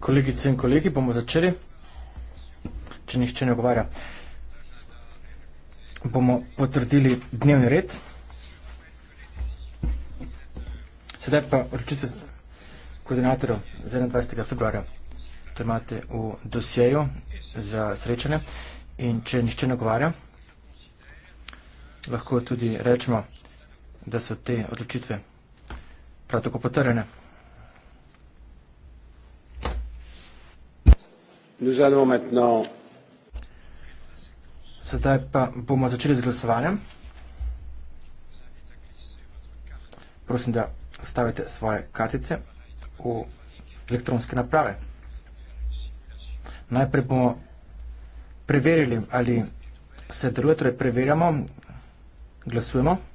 Kolegice in kolegi, bomo začeli. Če nišče ne ogovarja, bomo potrdili dnevni red. Sedaj pa ročitve koordinatorov z 21. februarja. To imate v dosjeju za srečanje. In če nišče ne ogovarja, lahko tudi rečemo, da da so te odločitve prav tako potrjene. Sedaj pa bomo začeli z glasovanjem. Prosim, da vstavite svoje kartice v elektronske naprave. Najprej bomo preverili, ali se deluje, torej preverjamo, glasujemo. Glasujemo.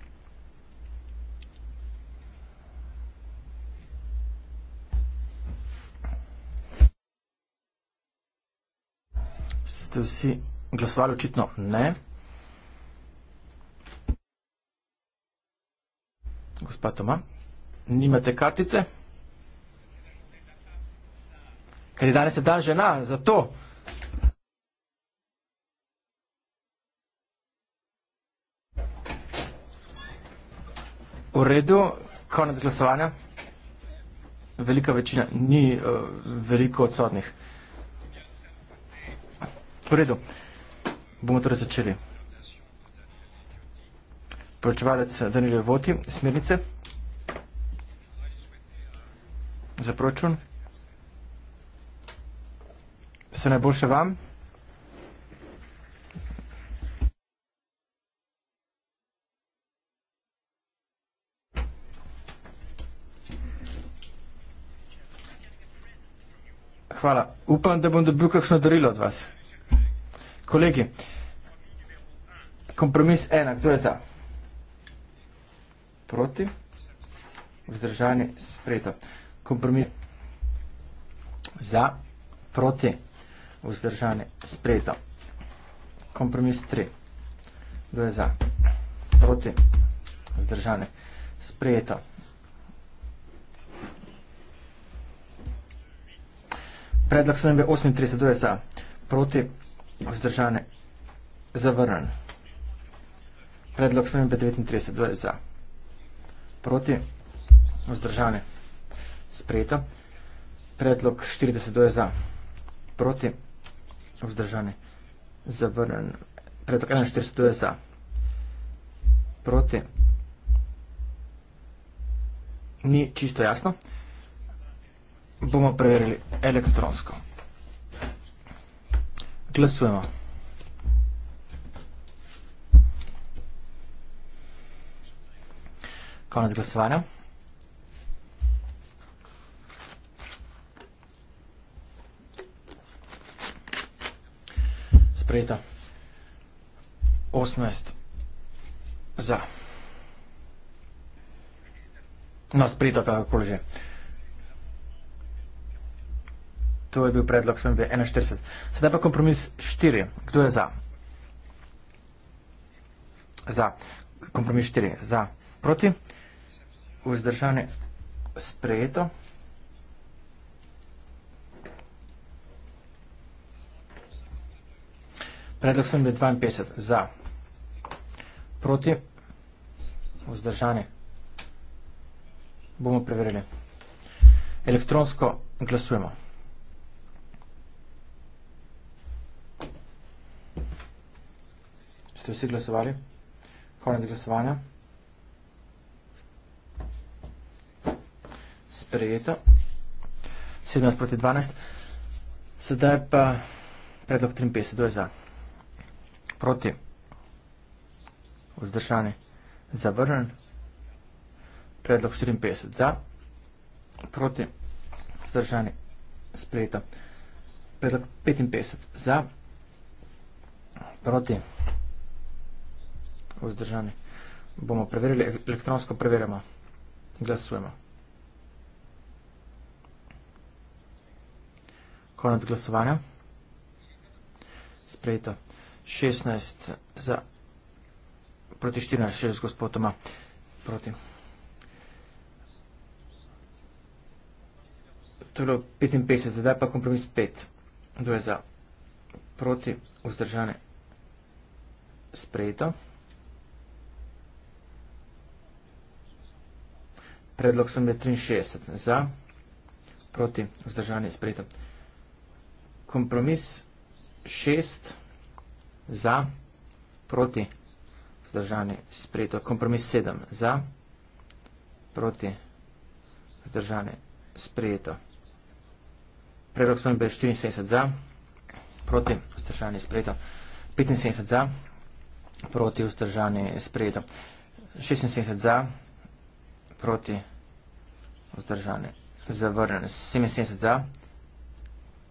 ste vsi glasovali, očitno ne. Gospa Toma, nimate kartice? Ker je danes dan žena, zato. V redu, konec glasovanja. Velika večina, ni uh, veliko odsotnih. V redu, bomo torej začeli. Proučevalec Danilo Voti, smernice za proračun. Vse najboljše vam. Hvala. Upam, da bom dobil kakšno darilo od vas kolegi. Kompromis ena, kdo je za? Proti? Vzdržani sprejeto. Kompromis za, proti, vzdržani sprejeto. Kompromis tri, kdo je za, proti, vzdržani sprejeto. Predlog slojbe 38, kdo je za, proti, vzdržani sprejeto vzdržane, zavrn. Predlog spremembe 39, 20 za. Proti, vzdržane, sprejeto. Predlog 40, 20 za. Proti, vzdržane, zavrn. Predlog 41, 20 za. Proti, ni čisto jasno. Bomo preverili elektronsko. Glasujemo. Konec glasovanja. Sprejeta. 18 za. No, sprejeta, kakorkoli že. To je bil predlog SMB 41. Sedaj pa kompromis 4. Kdo je za? Za. Kompromis 4. Za. Proti. Vzdržanje sprejeto. Predlog SMB 52. Za. Proti. Vzdržanje. Bomo preverili. Elektronsko glasujemo. Elektronsko glasujemo. Ste vsi glasovali? Konec glasovanja. Sprejeto. 17 proti 12. Sedaj pa predlog 53. Kdo je za? Proti. Vzdržani. Zavrnen. Predlog 54. Za. Proti. Vzdržani. Sprejeto. Predlog 55. Za. Proti. Proti vzdržani. Bomo preverili, elektronsko preverjamo. Glasujemo. Konec glasovanja. Sprejeto. 16 za proti 14, 6 gospod Toma. Proti. To je bilo 55, zdaj pa kompromis 5. Kdo je za? Proti, vzdržane. Sprejeto. predlog sem je 63 za, proti vzdržanje sprejeta. Kompromis 6 za, proti vzdržanje sprejeta. Kompromis 7 za, proti vzdržanje sprejeta. Predlog sem je 74 za, proti vzdržanje sprejeta. 75 za, proti vzdržanje sprejeta. 76 za, proti vzdržanje sprejeta proti vzdržane. Zavrnjene. 77 za,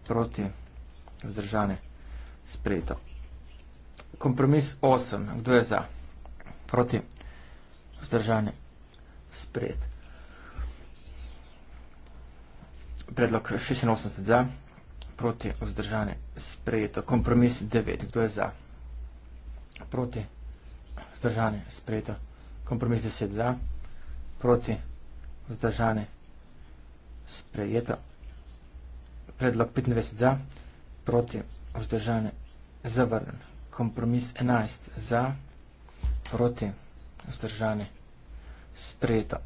proti vzdržane. Sprejeto. Kompromis 8. Kdo je za? Proti vzdržane. Sprejet. Predlog 86 za, proti vzdržane. Sprejeto. Kompromis 9. Kdo je za? Proti vzdržane. Sprejeto. Kompromis 10 za, proti vzdržane proti vzdržane sprejeta. Predlog 25 za, proti vzdržane zavrnen. Kompromis 11 za, proti vzdržane sprejeta.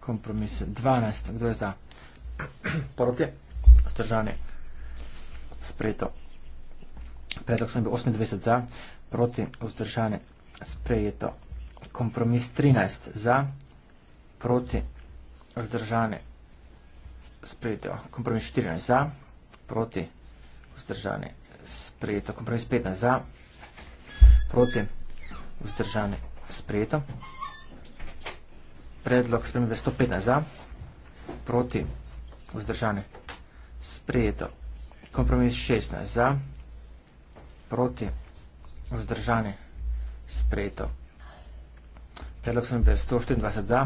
Kompromis 12, kdo je za, proti vzdržane sprejeta. Predlog smo bil 28 za, proti vzdržane sprejeta. Kompromis 13 za, proti vzdržane sprejeta proti vzdržane sprejeto kompromis 14 za, proti vzdržane sprejeto kompromis 15 za, proti vzdržane sprejeto, predlog spremembe 115 za, proti vzdržane sprejeto kompromis 16 za, proti vzdržane sprejeto, predlog spremembe 124 za,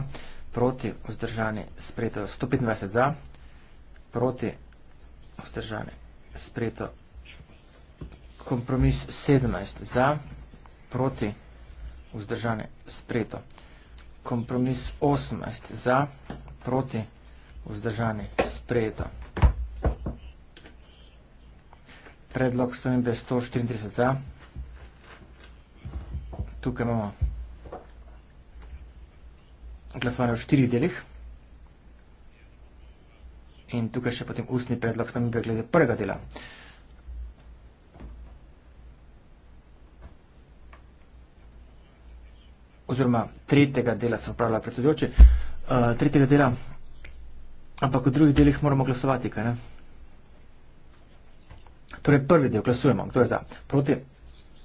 proti vzdržani spreto 125 za, proti vzdržani spreto kompromis 17 za, proti vzdržani spreto kompromis 18 za, proti vzdržani spreto. Predlog spremembe 134 za, tukaj imamo glasovanje v štirih delih. In tukaj še potem ustni predlog spremembe glede prvega dela. Oziroma, tretjega dela sem upravila predsedujoči. Uh, tretjega dela, ampak v drugih delih moramo glasovati, kaj ne? Torej, prvi del glasujemo. Kdo je za? Proti?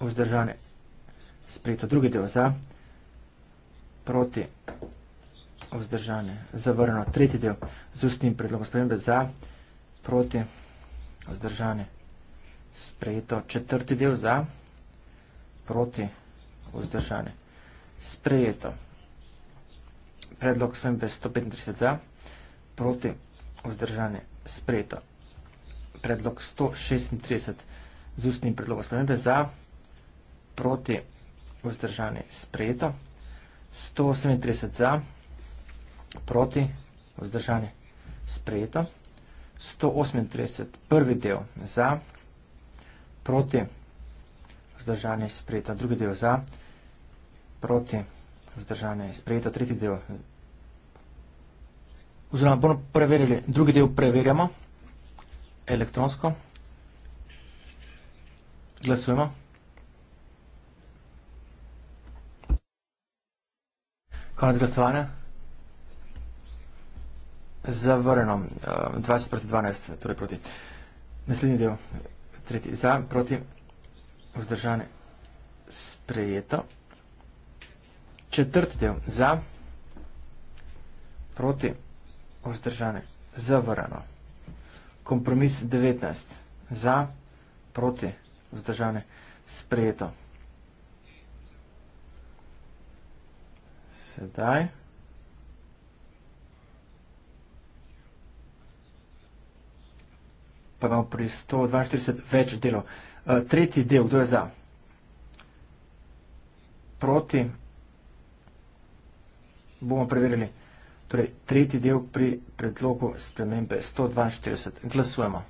Vzdržane. Sprejeto drugi del za. Proti? vzdržanje, zavrno. Tretji del, z ustnim predlogom spremembe za, proti, vzdržanje, sprejeto. Četrti del, za, proti, vzdržanje, sprejeto. Predlog spremembe 135 za, proti, vzdržanje, sprejeto. Predlog 136 z ustnim predlogom spremembe za, proti, vzdržanje, sprejeto. 138 za, proti, vzdržanje, sprejeto proti, vzdržanje, sprejeto. 138, prvi del za, proti, vzdržanje, sprejeto. Drugi del za, proti, vzdržanje, sprejeto. Tretji del, oziroma bomo preverili, drugi del preverjamo, elektronsko, glasujemo. Konec glasovanja zavrnjeno. 20 ehm, proti 12, torej proti. Naslednji del, tretji za, proti, vzdržane, sprejeto. Četrti del, za, proti, vzdržane, zavrnjeno. Kompromis 19, za, proti, vzdržane, sprejeto. Sedaj. Sedaj. pa imamo pri 142 več delov. Uh, tretji del, kdo je za? Proti? Bomo preverili. Torej, tretji del pri predlogu spremembe 142. Glasujemo.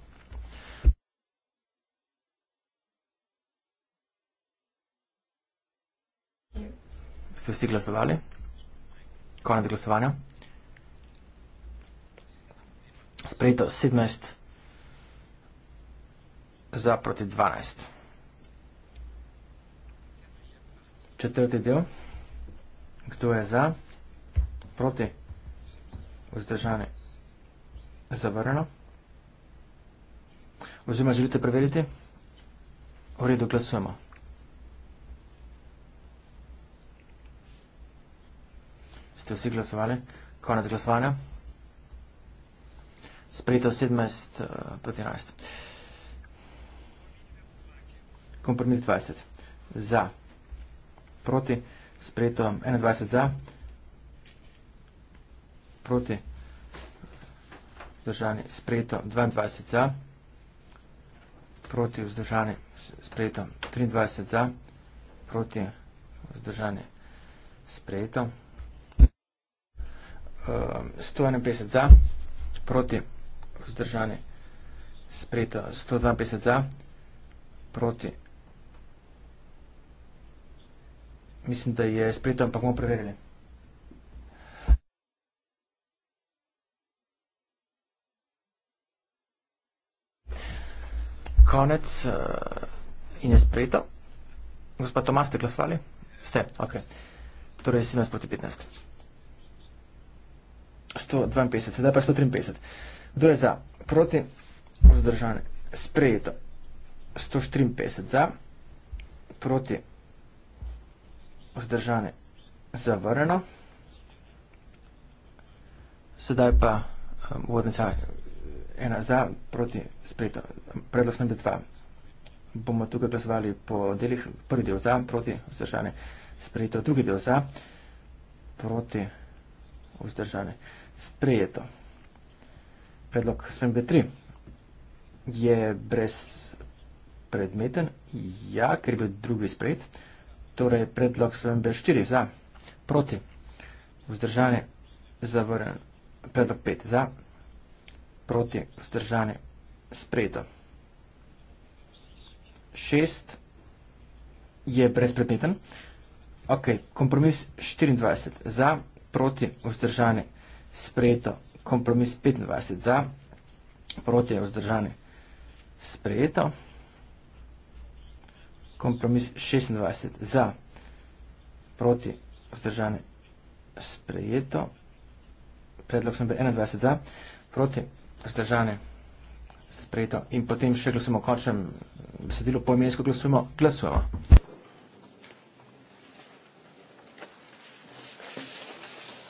Ste vsi glasovali? Konec glasovanja. Sprejeto 17 za proti 12. Četrti del. Kdo je za? Proti? Vzdržani? Zavrljeno? Oziroma, želite preveriti? V redu, glasujemo. Ste vsi glasovali? Konec glasovanja? Sprejeto 17 eh, proti 11 kompromis 20 za, proti, sprejeto 21 za, proti, vzdržani, sprejeto 22 za, proti, vzdržani, sprejeto 23 za, proti, vzdržani, sprejeto 151 ehm, za, proti, vzdržani, sprejeto 152 za, proti, vzdržani, sprejeto mislim, da je spletu, ampak bomo preverili. Konec uh, in je spletu. Gospod Tomas, ste glasovali? Ste, ok. Torej, 17 proti 15. 152, sedaj pa 153. Kdo je za? Proti, vzdržan, sprejeto. 154 za, proti, vzdržane zavrneno. Sedaj pa um, vodnica ena za proti spleto. Predlog smo dva. Bomo tukaj glasovali po delih. Prvi del za proti vzdržane spleto. Drugi del za proti vzdržane sprejeto. Predlog smembe 3 je brez predmeten, ja, ker je bil drugi sprejet. Torej, predlog spremembe 4 za, proti, vzdržanje, zavrnjen. Predlog 5 za, proti, vzdržanje, sprejeto. 6 je brezpredmeten. Ok, kompromis 24 za, proti, vzdržanje, sprejeto. Kompromis 25 za, proti, vzdržanje, sprejeto kompromis 26 za, proti vzdržane sprejeto, predlog smo bili 21 za, proti vzdržane sprejeto in potem še glasujemo o končnem besedilu poimensko glasujemo, glasujemo.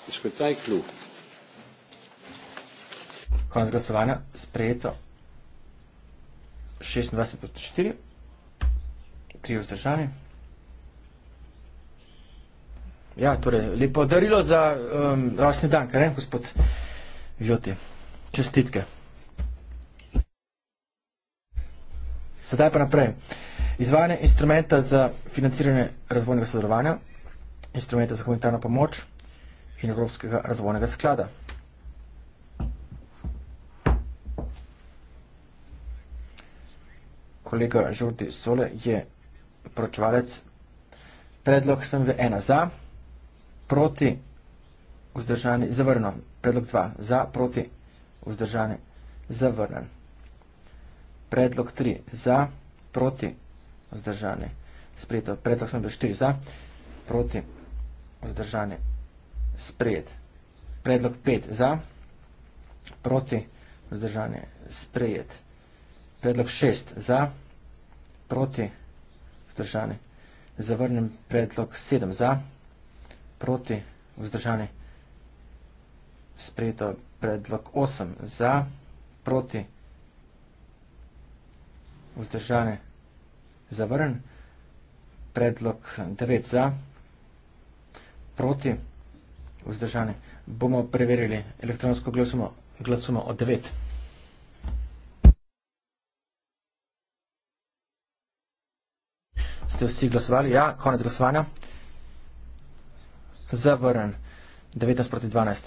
Izpetaj klub. Konc glasovanja, sprejeto 26 proti 4 tri vzdržane. Ja, torej, lepo darilo za um, rasni dan, kar je, gospod Vjoti. Čestitke. Sedaj pa naprej. Izvajanje instrumenta za financiranje razvojnega sodelovanja, instrumenta za humanitarno pomoč in Evropskega razvojnega sklada. Kolega Žurdi Sole je proučevalec, predlog SMV1 za, proti vzdržani, zavrnjen, predlog 2 za, proti vzdržani, zavrnjen, predlog 3 za, proti vzdržani, sprejeto, predlog SMV4 za, proti vzdržani, sprejet, predlog 5 za, proti vzdržani, sprejet, predlog 6 za, proti vzdržani, vzdržani. Zavrnem predlog 7 za, proti vzdržani. Sprejeto predlog 8 za, proti vzdržani. Zavrn predlog 9 za, proti vzdržani. Bomo preverili elektronsko glasumo, glasumo od 9. ste vsi glasovali? Ja, konec glasovanja. Zavrn. 19 proti 12.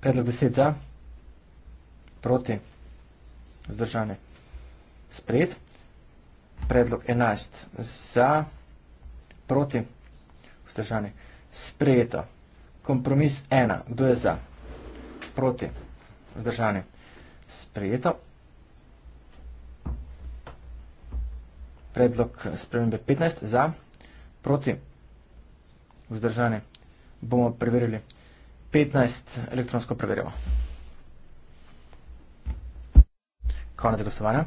Predlog 10 za. Proti. Zdržane. Spred. Predlog 11 za. Proti. Vzdržane. Sprejeto. Kompromis 1. Kdo je za? Proti. Vzdržane. Sprejeto. predlog spremembe 15 za, proti vzdržanje bomo preverili 15 elektronsko preverjamo. Konec glasovanja.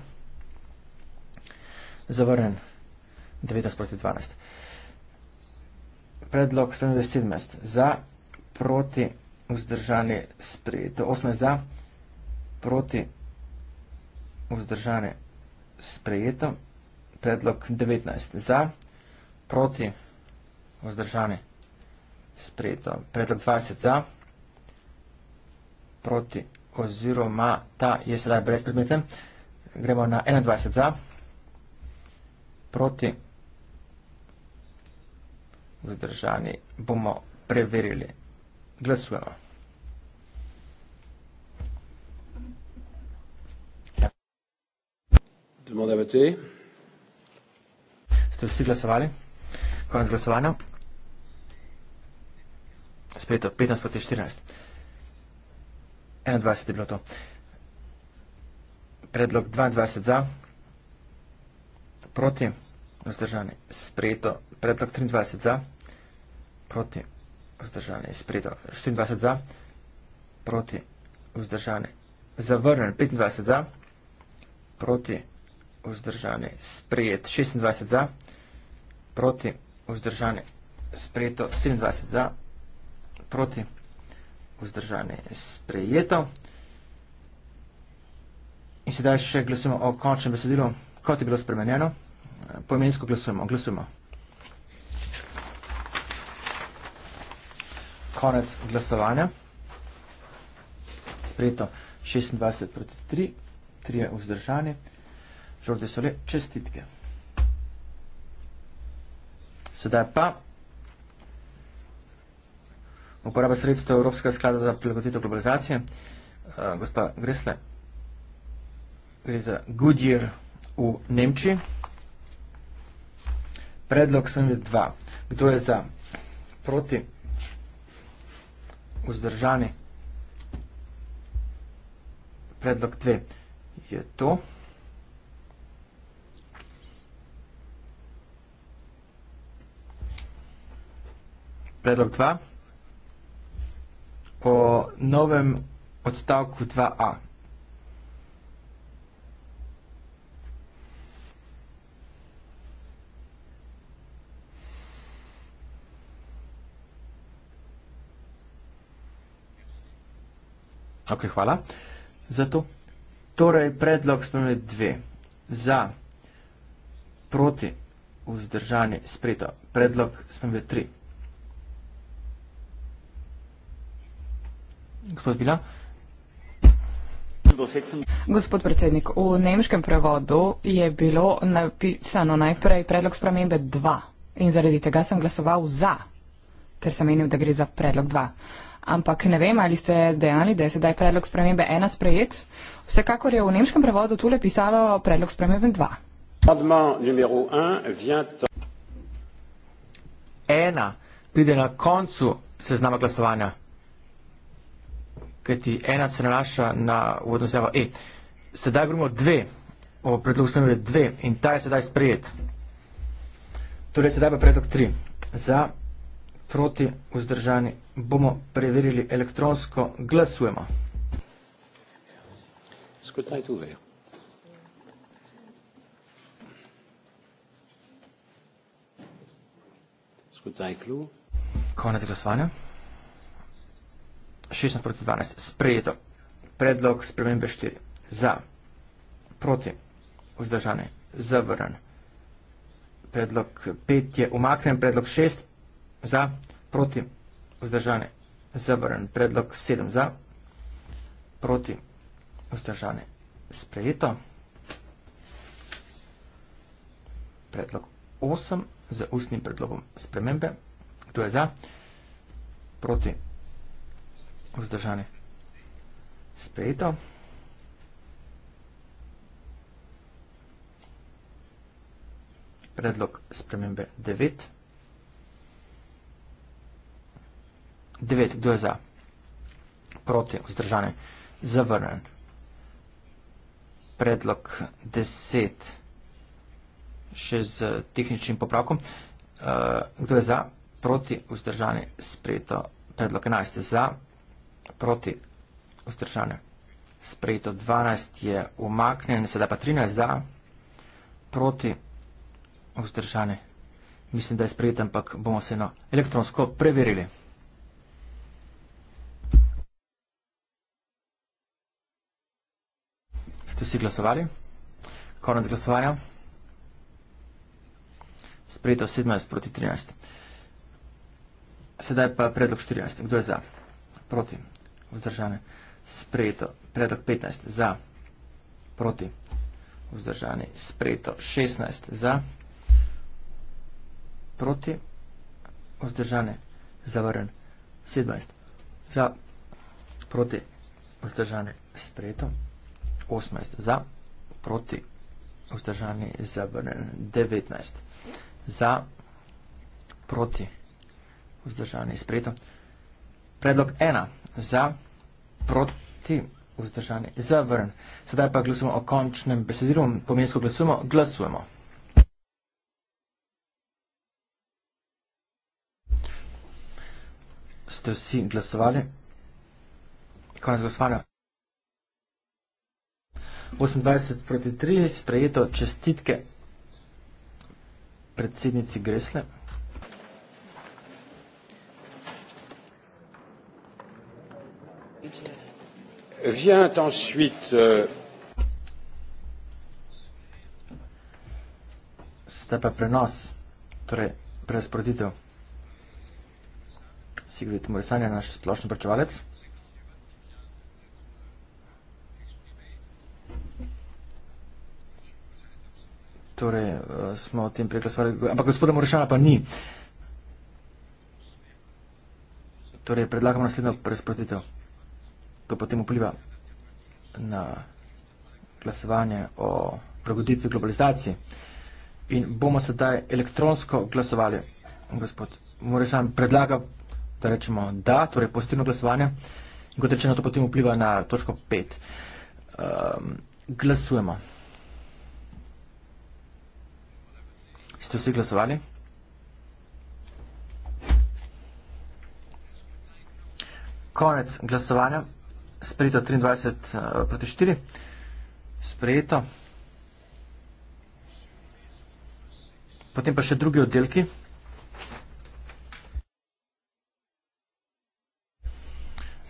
Zavrnen 19 proti 12. Predlog spremembe 17 za, proti vzdržanje sprejeto. 18 za, proti vzdržanje sprejeto predlog 19 za, proti vzdržani sprejeto, predlog 20 za, proti oziroma ta je sedaj brez predmete, gremo na 21 za, proti vzdržani bomo preverili, glasujemo. Demande à voter. Ste vsi glasovali? Konec glasovanja. Spet to, 15 proti 14. 21 je bilo to. Predlog 22 za, proti, vzdržani, sprejeto. Predlog 23 za, proti, vzdržani, sprejeto. 24 za, proti, vzdržani, zavrnen. 25 za, proti, vzdržani vzdržane, sprejet 26 za, proti vzdržane, sprejeto 27 za, proti vzdržane, sprejeto. In sedaj še glasujemo o končnem besedilu, kot je bilo spremenjeno. Pojmensko glasujemo, glasujemo. Konec glasovanja. Sprejeto 26 proti 3, 3 je vzdržane, sprejeto. Žorde Sole, čestitke. Sedaj pa uporaba sredstva Evropska sklada za prilagoditev globalizacije. Eh, gospa Gresle, gre za Goodyear v Nemčiji. Predlog smo dva. Kdo je za proti vzdržani predlog dve? Je to... predlog 2 o novem odstavku 2a. Ok, hvala za to. Torej, predlog spremljajo dve. Za, proti, vzdržanje, spreto. Predlog spremljajo tri. Gospod Bila. Gospod predsednik, v nemškem prevodu je bilo napisano najprej predlog spremembe 2 in zaradi tega sem glasoval za, ker sem menil, da gre za predlog 2. Ampak ne vem, ali ste dejali, da je sedaj predlog spremembe 1 sprejet. Vsekakor je v nemškem prevodu tule pisalo predlog spremembe 2. Ena pride na koncu seznama glasovanja kajti ena se nanaša na uvodno izjavo E. Sedaj govorimo o dve, o predlogu spremembe dve in ta je sedaj sprejet. Torej, sedaj pa predlog tri. Za proti vzdržani bomo preverili elektronsko glasujemo. Skrtaj tu vejo. Konec glasovanja. 16 proti 12. Sprejeto. Predlog spremembe 4. Za. Proti. Vzdržane. Zavrn. Predlog 5 je umaknen. Predlog 6. Za. Proti. Vzdržane. Zavrn. Predlog 7. Za. Proti. Vzdržane. Sprejeto. Predlog 8. Za ustnim predlogom spremembe. Kdo je za? Proti. Vzdržane vzdržani. Sprejeto. Predlog spremembe 9. 9. Kdo je za? Proti vzdržani. Zavrnen. Predlog 10. Še z tehničnim popravkom. Eh, kdo je za? Proti vzdržani. Sprejeto. Predlog 11. Za. Predlog 11 proti ostržane. Sprejeto 12 je umaknjen, sedaj pa 13 za, proti ostržane. Mislim, da je sprejeto, ampak bomo se na elektronsko preverili. Ste vsi glasovali? Konec glasovanja. Sprejeto 17 proti 13. Sedaj pa predlog 14. Kdo je za? Proti vzdržane, sprejeto, predlog 15 za, proti, vzdržane, sprejeto, 16 za, proti, vzdržane, zavrnen, 17 za, proti, vzdržane, sprejeto, 18 za, proti, vzdržane, zavrnen, 19 za, proti, vzdržane, sprejeto, 19 za, proti, vzdržane, sprejeto, Predlog ena za proti vzdržanje zavrn. Sedaj pa glasujemo o končnem besedilu, pomensko glasujemo, glasujemo. Ste vsi glasovali? Konec glasovanja. 28 proti 3, sprejeto čestitke predsednici Gresle. Vient ensuite. Euh, C'était pas prenos, très torej presprodito. Sigrid Morissani, notre splochne percevalet. Torej, eh, smo o tem preglasovali, ampak gospoda Morešana pa ni. Torej, predlagamo naslednjo presprotitev to potem vpliva na glasovanje o pregoditvi globalizacije. In bomo sedaj elektronsko glasovali. Gospod Morešan predlaga, da rečemo da, torej pozitivno glasovanje. In kot rečeno, to potem vpliva na točko 5. Um, ehm, glasujemo. Ste vsi glasovali? Konec glasovanja sprejeto 23 eh, proti 4. Sprejeto. Potem pa še drugi oddelki.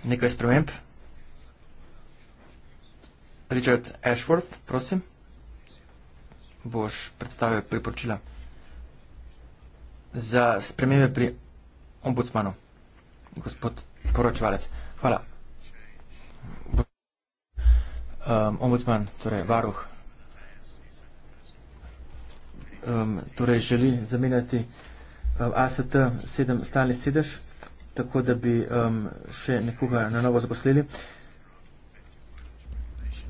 Nekaj sprememb. Richard Ashworth, prosim. Boš predstavil priporočila za spremembe pri ombudsmanu. Gospod poročevalec. Hvala um, ombudsman, torej varuh, um, torej želi zamenjati um, AST 7 stalni sedež, tako da bi um, še nekoga na novo zaposlili.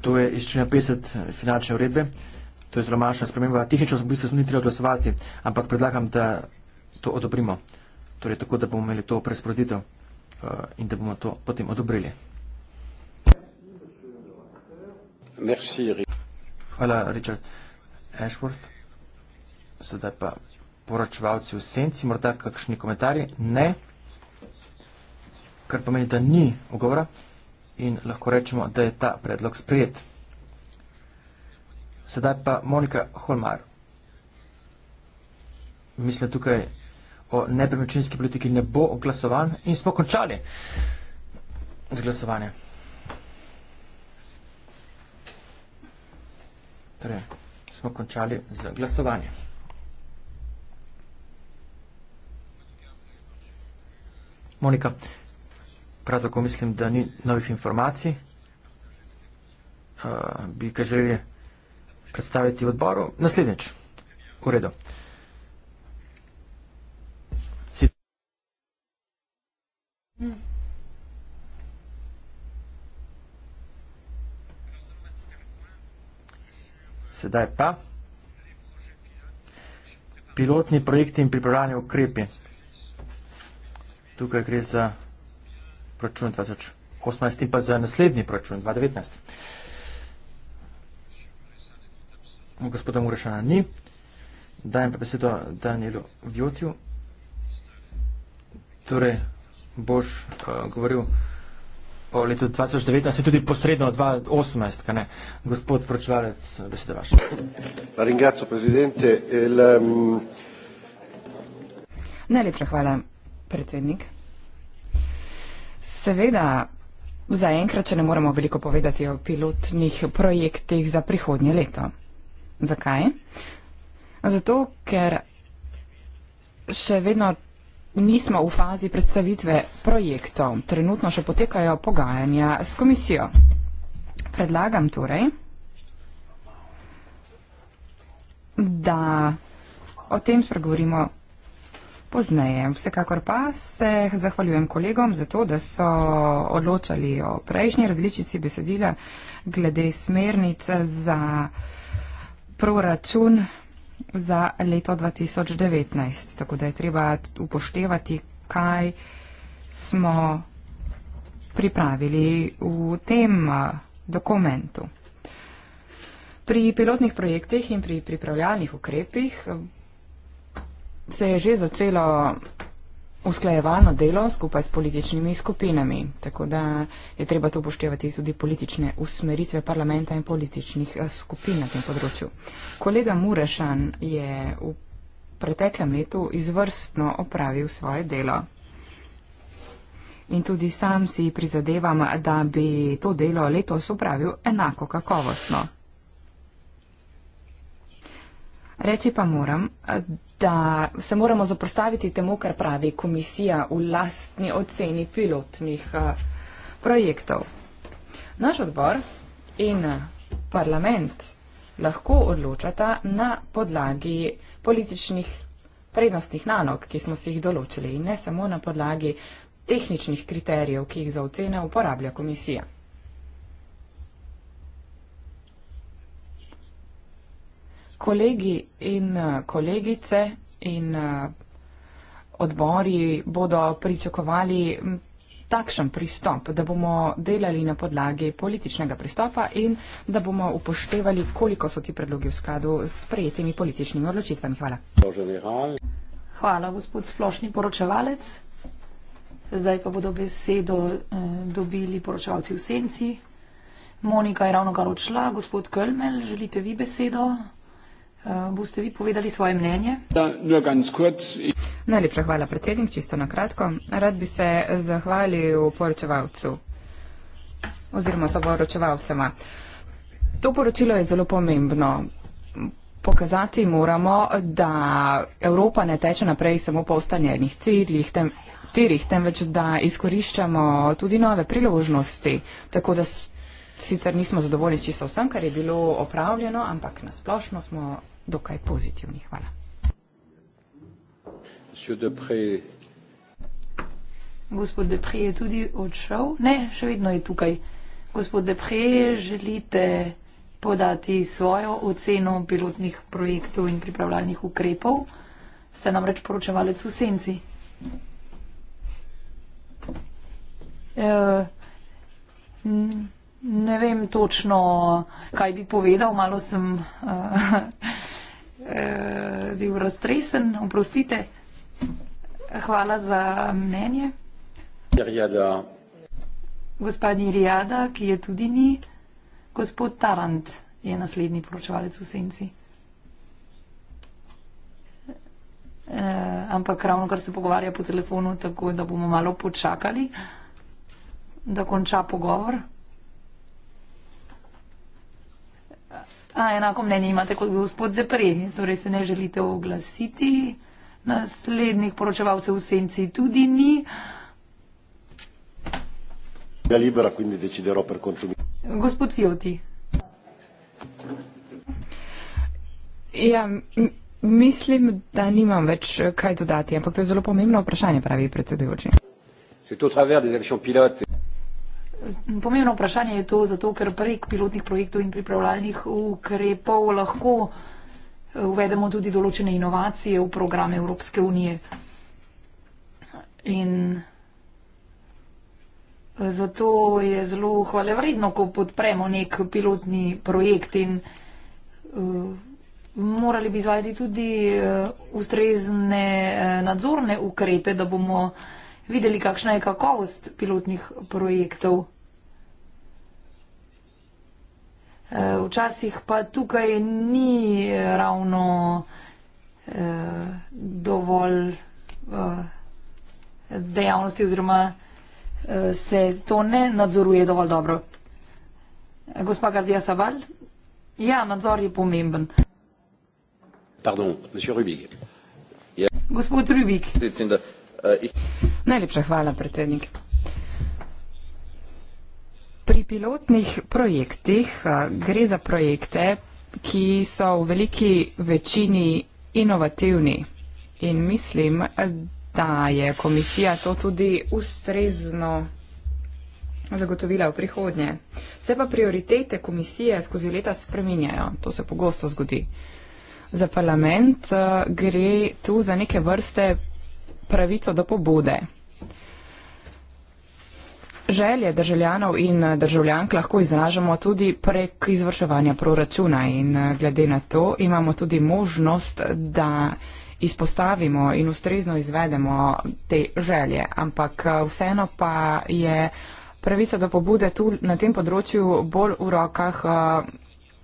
To je iščenja 50 finančne uredbe, to je zelo manjša sprememba. Tehnično smo v bistvu ni treba glasovati, ampak predlagam, da to odobrimo. Torej, tako da bomo imeli to presproditev uh, in da bomo to potem odobrili. Merci, Hvala, Richard Ashworth, sedaj pa poročevalci v senci, morda kakšni komentarji? Ne, kar pomeni, da ni ogovora in lahko rečemo, da je ta predlog sprejet. Sedaj pa Monika Holmar. Mislim, tukaj o nepremičninski politiki ne bo glasovan in smo končali z glasovanjem. Torej, smo končali z glasovanjem. Monika, prav tako mislim, da ni novih informacij. Uh, bi ga želi predstaviti odboru. Naslednjič. V redu. Mm. Sedaj pa pilotni projekti in pripravljanje ukrepi. Tukaj gre za proračun 2018 in pa za naslednji proračun 2019. Gospoda Murešana ni. Dajem pa besedo Danielu Vjotju. Torej, boš uh, govoril po letu 2019 se tudi posredno 2018, kajne? Gospod Pročvarec, besede vaše. Ringaco, prezidente. El, um... Ehm, Najlepša hvala, predsednik. Seveda, zaenkrat, če ne moremo veliko povedati o pilotnih projektih za prihodnje leto. Zakaj? Zato, ker še vedno Mi smo v fazi predstavitve projektov. Trenutno še potekajo pogajanja s komisijo. Predlagam torej, da o tem spregovorimo pozneje. Vsekakor pa se zahvaljujem kolegom za to, da so odločali o prejšnji različici besedila glede smernic za proračun za leto 2019. Tako da je treba upoštevati, kaj smo pripravili v tem dokumentu. Pri pilotnih projektih in pri pripravljalnih ukrepih se je že začelo usklajevano delo skupaj s političnimi skupinami, tako da je treba to upoštevati tudi politične usmeritve parlamenta in političnih eh, skupin na tem področju. Kolega Murešan je v preteklem letu izvrstno opravil svoje delo. In tudi sam si prizadevam, da bi to delo letos opravil enako kakovostno. Reči pa moram, da se moramo zaprostaviti temu, kar pravi komisija v lastni oceni pilotnih eh, projektov. Naš odbor in parlament lahko odločata na podlagi političnih prednostnih nalog, ki smo si jih določili in ne samo na podlagi tehničnih kriterijev, ki jih za ocene uporablja komisija. kolegi in eh, kolegice in eh, odbori bodo pričakovali takšen pristop, da bomo delali na podlagi političnega pristopa in da bomo upoštevali, koliko so ti predlogi v skladu s prejetimi političnimi odločitvami. Hvala. Hvala, gospod splošni poročevalec. Zdaj pa bodo besedo eh, dobili poročevalci v senci. Monika je ravno kar odšla. Gospod Kölmel, želite vi besedo? Eh, boste vi povedali svoje mnenje? Najlepša hvala, predsednik, čisto na kratko. Rad bi se zahvalil poročevalcu oziroma soporočevalcema. To poročilo je zelo pomembno. Pokazati moramo, da Evropa ne teče naprej samo po ustanjenih ciljih, tem, tirih, temveč da izkoriščamo tudi nove priložnosti. Tako da sicer nismo zadovoljni s čisto vsem, kar je bilo opravljeno, ampak nasplošno smo dokaj pozitivni. Hvala. Gospod Depre je tudi odšel. Ne, še vedno je tukaj. Gospod Depre, želite podati svojo oceno pilotnih projektov in pripravljalnih ukrepov? Ste namreč poročevalec v senci. E, ne vem točno, kaj bi povedal. Malo sem. E, Eh, bil raztresen, oprostite. Hvala za mnenje. Rijada. Gospodin Rijada, ki je tudi ni. Gospod Tarant je naslednji poročevalec v senci. E, ampak ravno kar se pogovarja po telefonu, tako da bomo malo počakali, da konča pogovor. A, enako mnenje imate kot gospod Depre, torej se ne želite oglasiti. Naslednjih poročevalcev v senci tudi ni. Gospod Fioti. Ja, mislim, da nimam več eh, kaj dodati, ampak to je zelo pomembno vprašanje, pravi predsedujoči. C'est au travers des actions pilotes. Pomembno vprašanje je to, zato ker prek pilotnih projektov in pripravljalnih ukrepov lahko eh, uvedemo tudi določene inovacije v programe Evropske unije. In eh, zato je zelo hvale vredno, ko podpremo nek pilotni projekt in uh, morali bi izvajati tudi uh, ustrezne uh, nadzorne ukrepe, da bomo videli, kakšna je kakovost pilotnih projektov. Eh, včasih pa tukaj ni ravno eh, dovolj eh, dejavnosti oziroma se to ne nadzoruje dovolj dobro. Gospa Gardija Saval, ja, nadzor je pomemben. Pardon, monsieur Rubik. Gospod Rubik. Najlepša hvala, predsednik. Pri pilotnih projektih gre za projekte, ki so v veliki večini inovativni in mislim, da je komisija to tudi ustrezno zagotovila v prihodnje. Se pa prioritete komisije skozi leta spreminjajo, to se pogosto zgodi. Za parlament gre tu za neke vrste pravico do pobude. Želje državljanov in eh, državljank lahko izražamo tudi prek izvrševanja proračuna in eh, glede na to imamo tudi možnost, da izpostavimo in ustrezno izvedemo te želje. Ampak eh, vseeno pa je pravica do pobude tu na tem področju bolj v rokah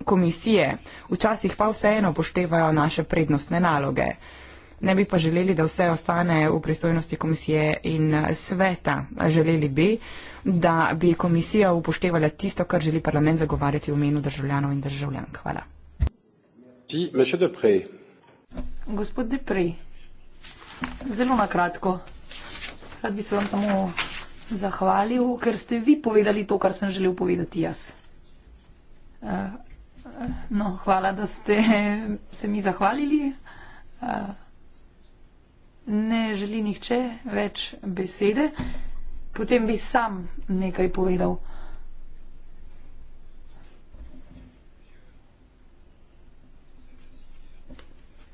komisije. Včasih pa vseeno poštevajo naše prednostne naloge. Ne bi pa želeli, da vse ostane v pristojnosti komisije in eh, sveta. Želeli bi, da bi komisija upoštevala tisto, kar želi parlament zagovarjati v imenu državljanov in državljan. Hvala. Gospod Deprej, zelo na kratko. Rad bi se vam samo zahvalil, ker ste vi povedali to, kar sem želel povedati jaz. Eh, eh, no, hvala, da ste se mi zahvalili ne želi nihče več besede, potem bi sam nekaj povedal.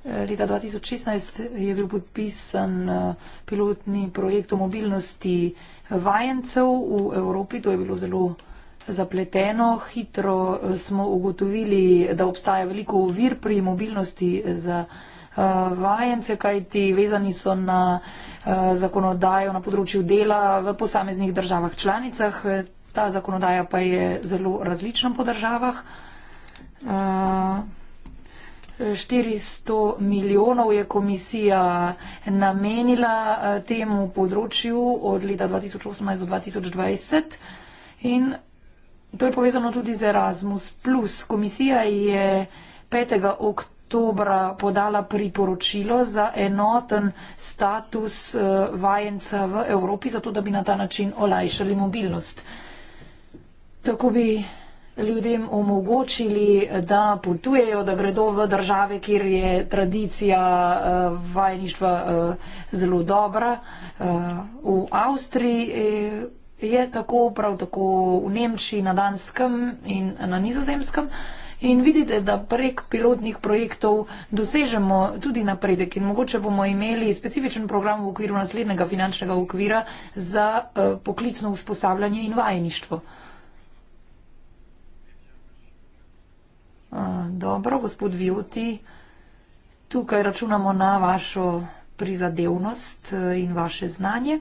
Leta 2016 je bil podpisan eh, pilotni projekt o mobilnosti vajencev v Evropi. To je bilo zelo zapleteno. Hitro eh, smo ugotovili, da obstaja veliko vir pri mobilnosti za vajence. Eh, vajence, kajti vezani so na eh, zakonodajo na področju dela v posameznih državah članicah. Ta zakonodaja pa je zelo različna po državah. 400 eh, milijonov je komisija namenila temu področju od leta 2018 do 2020 in to je povezano tudi z Erasmus. Komisija je 5. oktober oktobra podala priporočilo za enoten status eh, vajenca v Evropi, zato da bi na ta način olajšali mobilnost. Tako bi ljudem omogočili, da potujejo, da gredo v države, kjer je tradicija eh, vajništva eh, zelo dobra. V Avstriji je tako, prav tako v Nemčiji, na Danskem in na Nizozemskem in vidite, da prek pilotnih projektov dosežemo tudi napredek in mogoče bomo imeli specifičen program v okviru naslednjega finančnega okvira za eh, poklicno usposabljanje in vajeništvo. Eh, dobro, gospod Vijoti, tukaj računamo na vašo prizadevnost eh, in vaše znanje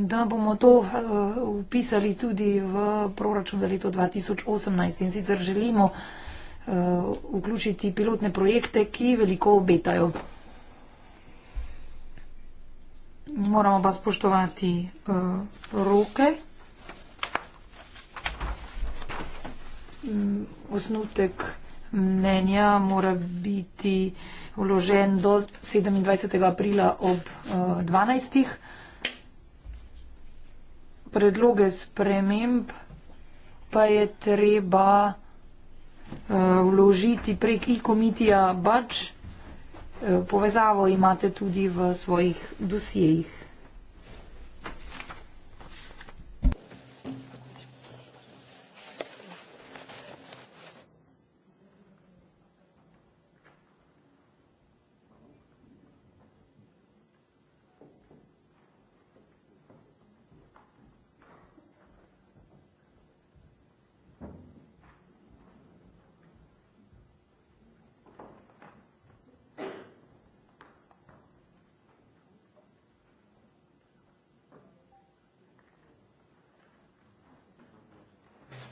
da bomo to upisali eh, tudi v proračun za leto 2018 in sicer želimo eh, vključiti pilotne projekte, ki veliko obetajo. Moramo pa spoštovati eh, roke. Mm, osnutek mnenja mora biti vložen do 27. aprila ob 12 predloge sprememb pa je treba uh, vložiti prek e-komitija Bač. Uh, povezavo imate tudi v svojih dosjejih.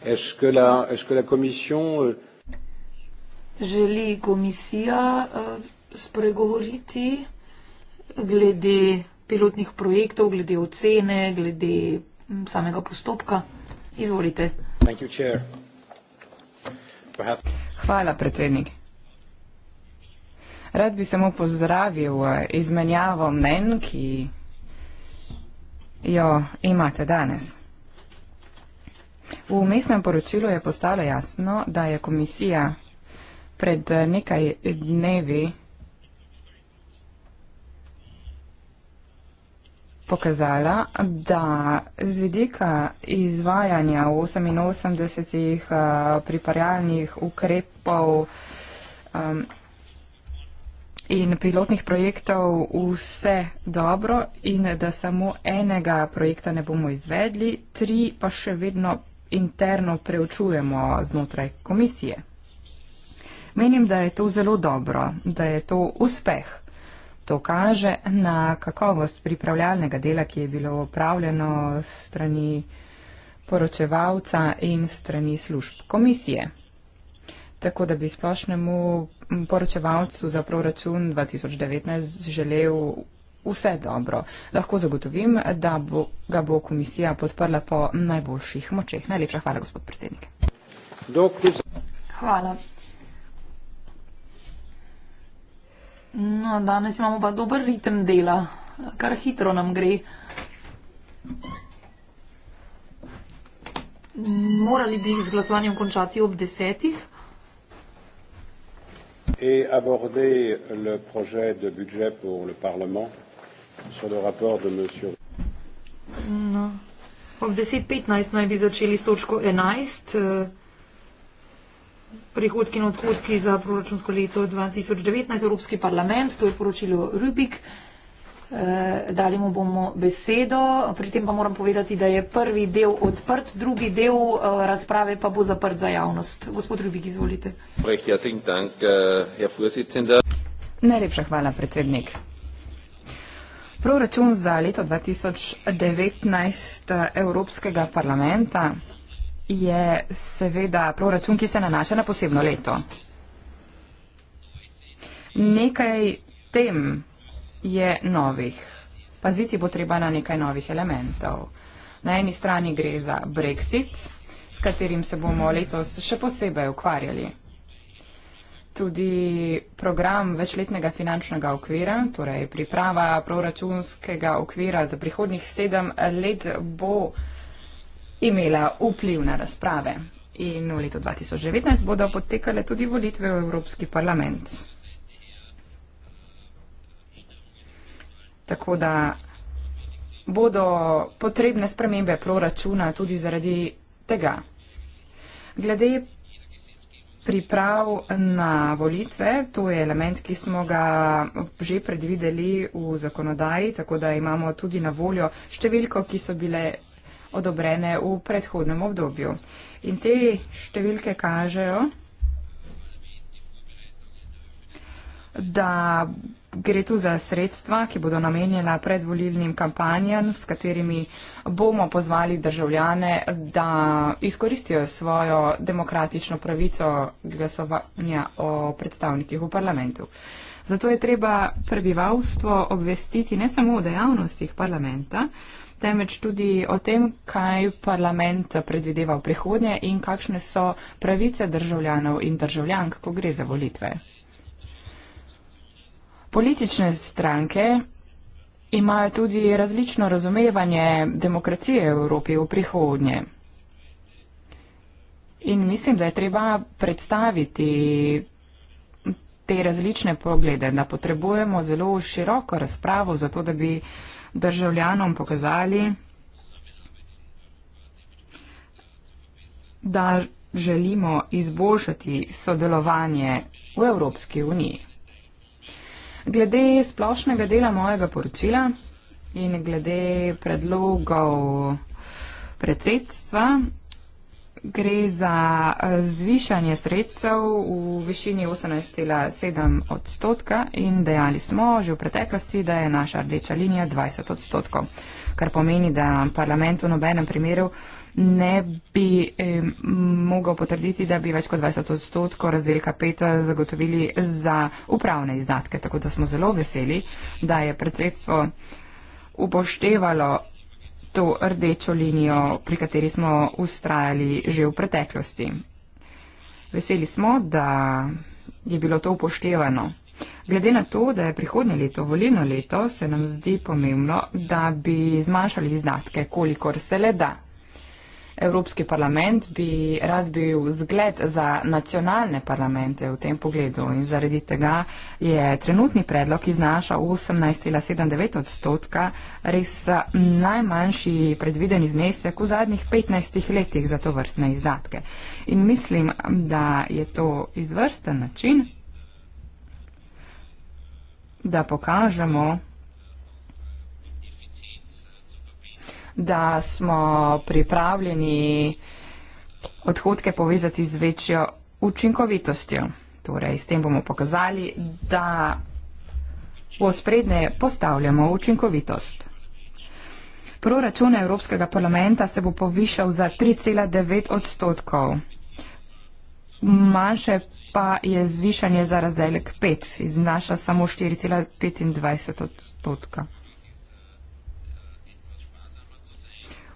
Euh, Želi komisija eh, spregovoriti glede pilotnih projektov, glede ocene, glede samega postopka? Izvolite. Hvala, predsednik. Rad bi samo pozdravil eh, izmenjavo mnen, ki jo imate danes. V umestnem poročilu je postalo jasno, da je komisija pred nekaj dnevi pokazala, da z vidika izvajanja 88 uh, priparjalnih ukrepov um, in pilotnih projektov vse dobro in da samo enega projekta ne bomo izvedli, tri pa še vedno interno preučujemo znotraj komisije. Menim, da je to zelo dobro, da je to uspeh. To kaže na kakovost pripravljalnega dela, ki je bilo opravljeno strani poročevalca in strani služb komisije. Tako da bi splošnemu poročevalcu za proračun 2019 želel vse dobro. Lahko zagotovim, da bo, ga bo komisija podprla po najboljših močeh. Najlepša hvala, gospod predsednik. Hvala. No, danes imamo pa dober ritem dela, kar hitro nam gre. Morali bi z glasovanjem končati ob desetih. Et aborder le projet de budget pour le Parlement sur le rapport de monsieur. No. Ob 10.15 naj bi začeli s točko 11, eh, prihodki in odhodki za proračunsko leto 2019, Evropski parlament, to je poročilo Rubik. Eh, dali mu bomo besedo, pri tem pa moram povedati, da je prvi del odprt, drugi del eh, razprave pa bo zaprt za javnost. Gospod Rubik, izvolite. Najlepša hvala, predsednik. Proračun za leto 2019 eh, Evropskega parlamenta je seveda proračun, ki se nanaša na posebno leto. Nekaj tem je novih. Paziti bo treba na nekaj novih elementov. Na eni strani gre za Brexit, s katerim se bomo letos še posebej ukvarjali tudi program večletnega finančnega okvira, torej priprava proračunskega okvira za prihodnih sedem let bo imela vpliv na razprave. In v letu 2019 bodo potekale tudi volitve v Evropski parlament. Tako da bodo potrebne spremembe proračuna tudi zaradi tega. Glede priprav na volitve, to je element, ki smo ga že predvideli v zakonodaji, tako da imamo tudi na voljo številko, ki so bile odobrene v predhodnem obdobju. In te številke kažejo, da gre tu za sredstva, ki bodo namenjena predvolilnim kampanjam, s katerimi bomo pozvali državljane, da izkoristijo svojo demokratično pravico glasovanja o predstavnikih v parlamentu. Zato je treba prebivalstvo obvestiti ne samo o dejavnostih parlamenta, temveč tudi o tem, kaj parlament predvideva v prihodnje in kakšne so pravice državljanov in državljank, ko gre za volitve. Politične stranke imajo tudi različno razumevanje demokracije v Evropi v prihodnje. In mislim, da je treba predstaviti te različne poglede, da potrebujemo zelo široko razpravo, zato da bi državljanom pokazali, da želimo izboljšati sodelovanje v Evropski uniji. Glede splošnega dela mojega poročila in glede predlogov predsedstva gre za eh, zvišanje sredstev v višini 18,7 odstotka in dejali smo že v preteklosti, da je naša rdeča linija 20 odstotkov, kar pomeni, da parlament v nobenem primeru ne bi eh, mogel potrditi, da bi več kot 20 odstotkov razdelka 5 zagotovili za upravne izdatke. Tako da smo zelo veseli, da je predsedstvo upoštevalo to rdečo linijo, pri kateri smo ustrajali že v preteklosti. Veseli smo, da je bilo to upoštevano. Glede na to, da je prihodnje leto volilno leto, se nam zdi pomembno, da bi zmanjšali izdatke, kolikor se le da. Evropski parlament bi rad bil zgled za nacionalne parlamente v tem pogledu in zaradi tega je trenutni predlog, ki znaša 18,79 odstotka, res najmanjši predvideni znesek v zadnjih 15 letih za to vrstne izdatke. In mislim, da je to izvrsten način, da pokažemo, da smo pripravljeni odhodke povezati z večjo učinkovitostjo. Torej, s tem bomo pokazali, da v osprednje postavljamo učinkovitost. Proračun Evropskega parlamenta se bo povišal za 3,9 odstotkov. Manjše pa je zvišanje za razdelek 5, iznaša samo 4,25 odstotka.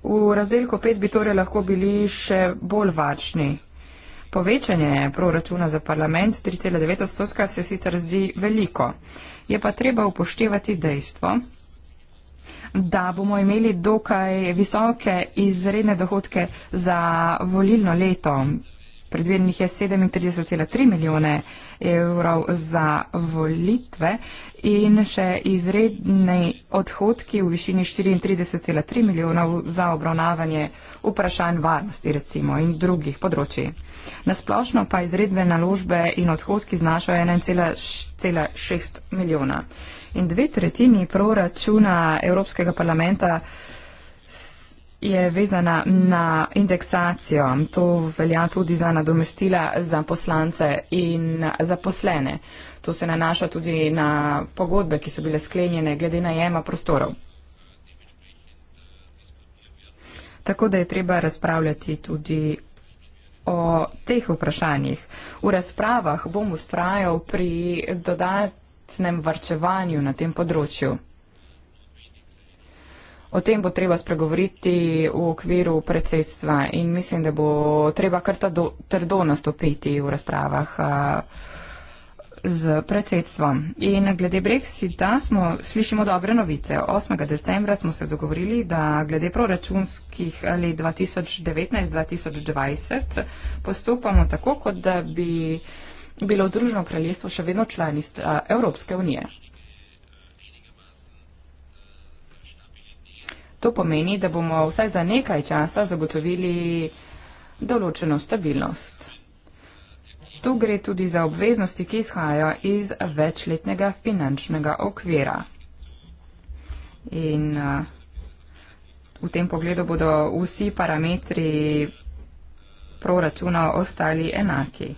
V razdelku 5 bi torej lahko bili še bolj varčni. Povečanje proračuna za parlament 3,9 odstotka se sicer zdi veliko. Je pa treba upoštevati dejstvo, da bomo imeli dokaj visoke izredne dohodke za volilno leto, predvidenih je 37,3 milijone evrov za volitve in še izredni odhodki v višini 34,3 milijonov za obravnavanje vprašanj varnosti recimo in drugih področji. Nasplošno pa izredne naložbe in odhodki znašajo 1,6 milijona. In dve tretjini proračuna Evropskega parlamenta je vezana na indeksacijo. To velja tudi za nadomestila za poslance in zaposlene. To se nanaša tudi na pogodbe, ki so bile sklenjene glede najema prostorov. Tako da je treba razpravljati tudi o teh vprašanjih. V razpravah bom ustrajal pri dodatnem varčevanju na tem področju o tem bo treba spregovoriti v okviru predsedstva in mislim, da bo treba kar trdo nastopiti v razpravah z predsedstvom. In glede Brexita smo, slišimo dobre novice. 8. decembra smo se dogovorili, da glede proračunskih let 2019-2020 postopamo tako, kot da bi bilo Združeno kraljestvo še vedno članica Evropske unije. To pomeni, da bomo vsaj za nekaj časa zagotovili določeno stabilnost. Tu gre tudi za obveznosti, ki izhajajo iz večletnega finančnega okvira. In uh, v tem pogledu bodo vsi parametri proračuna ostali enaki.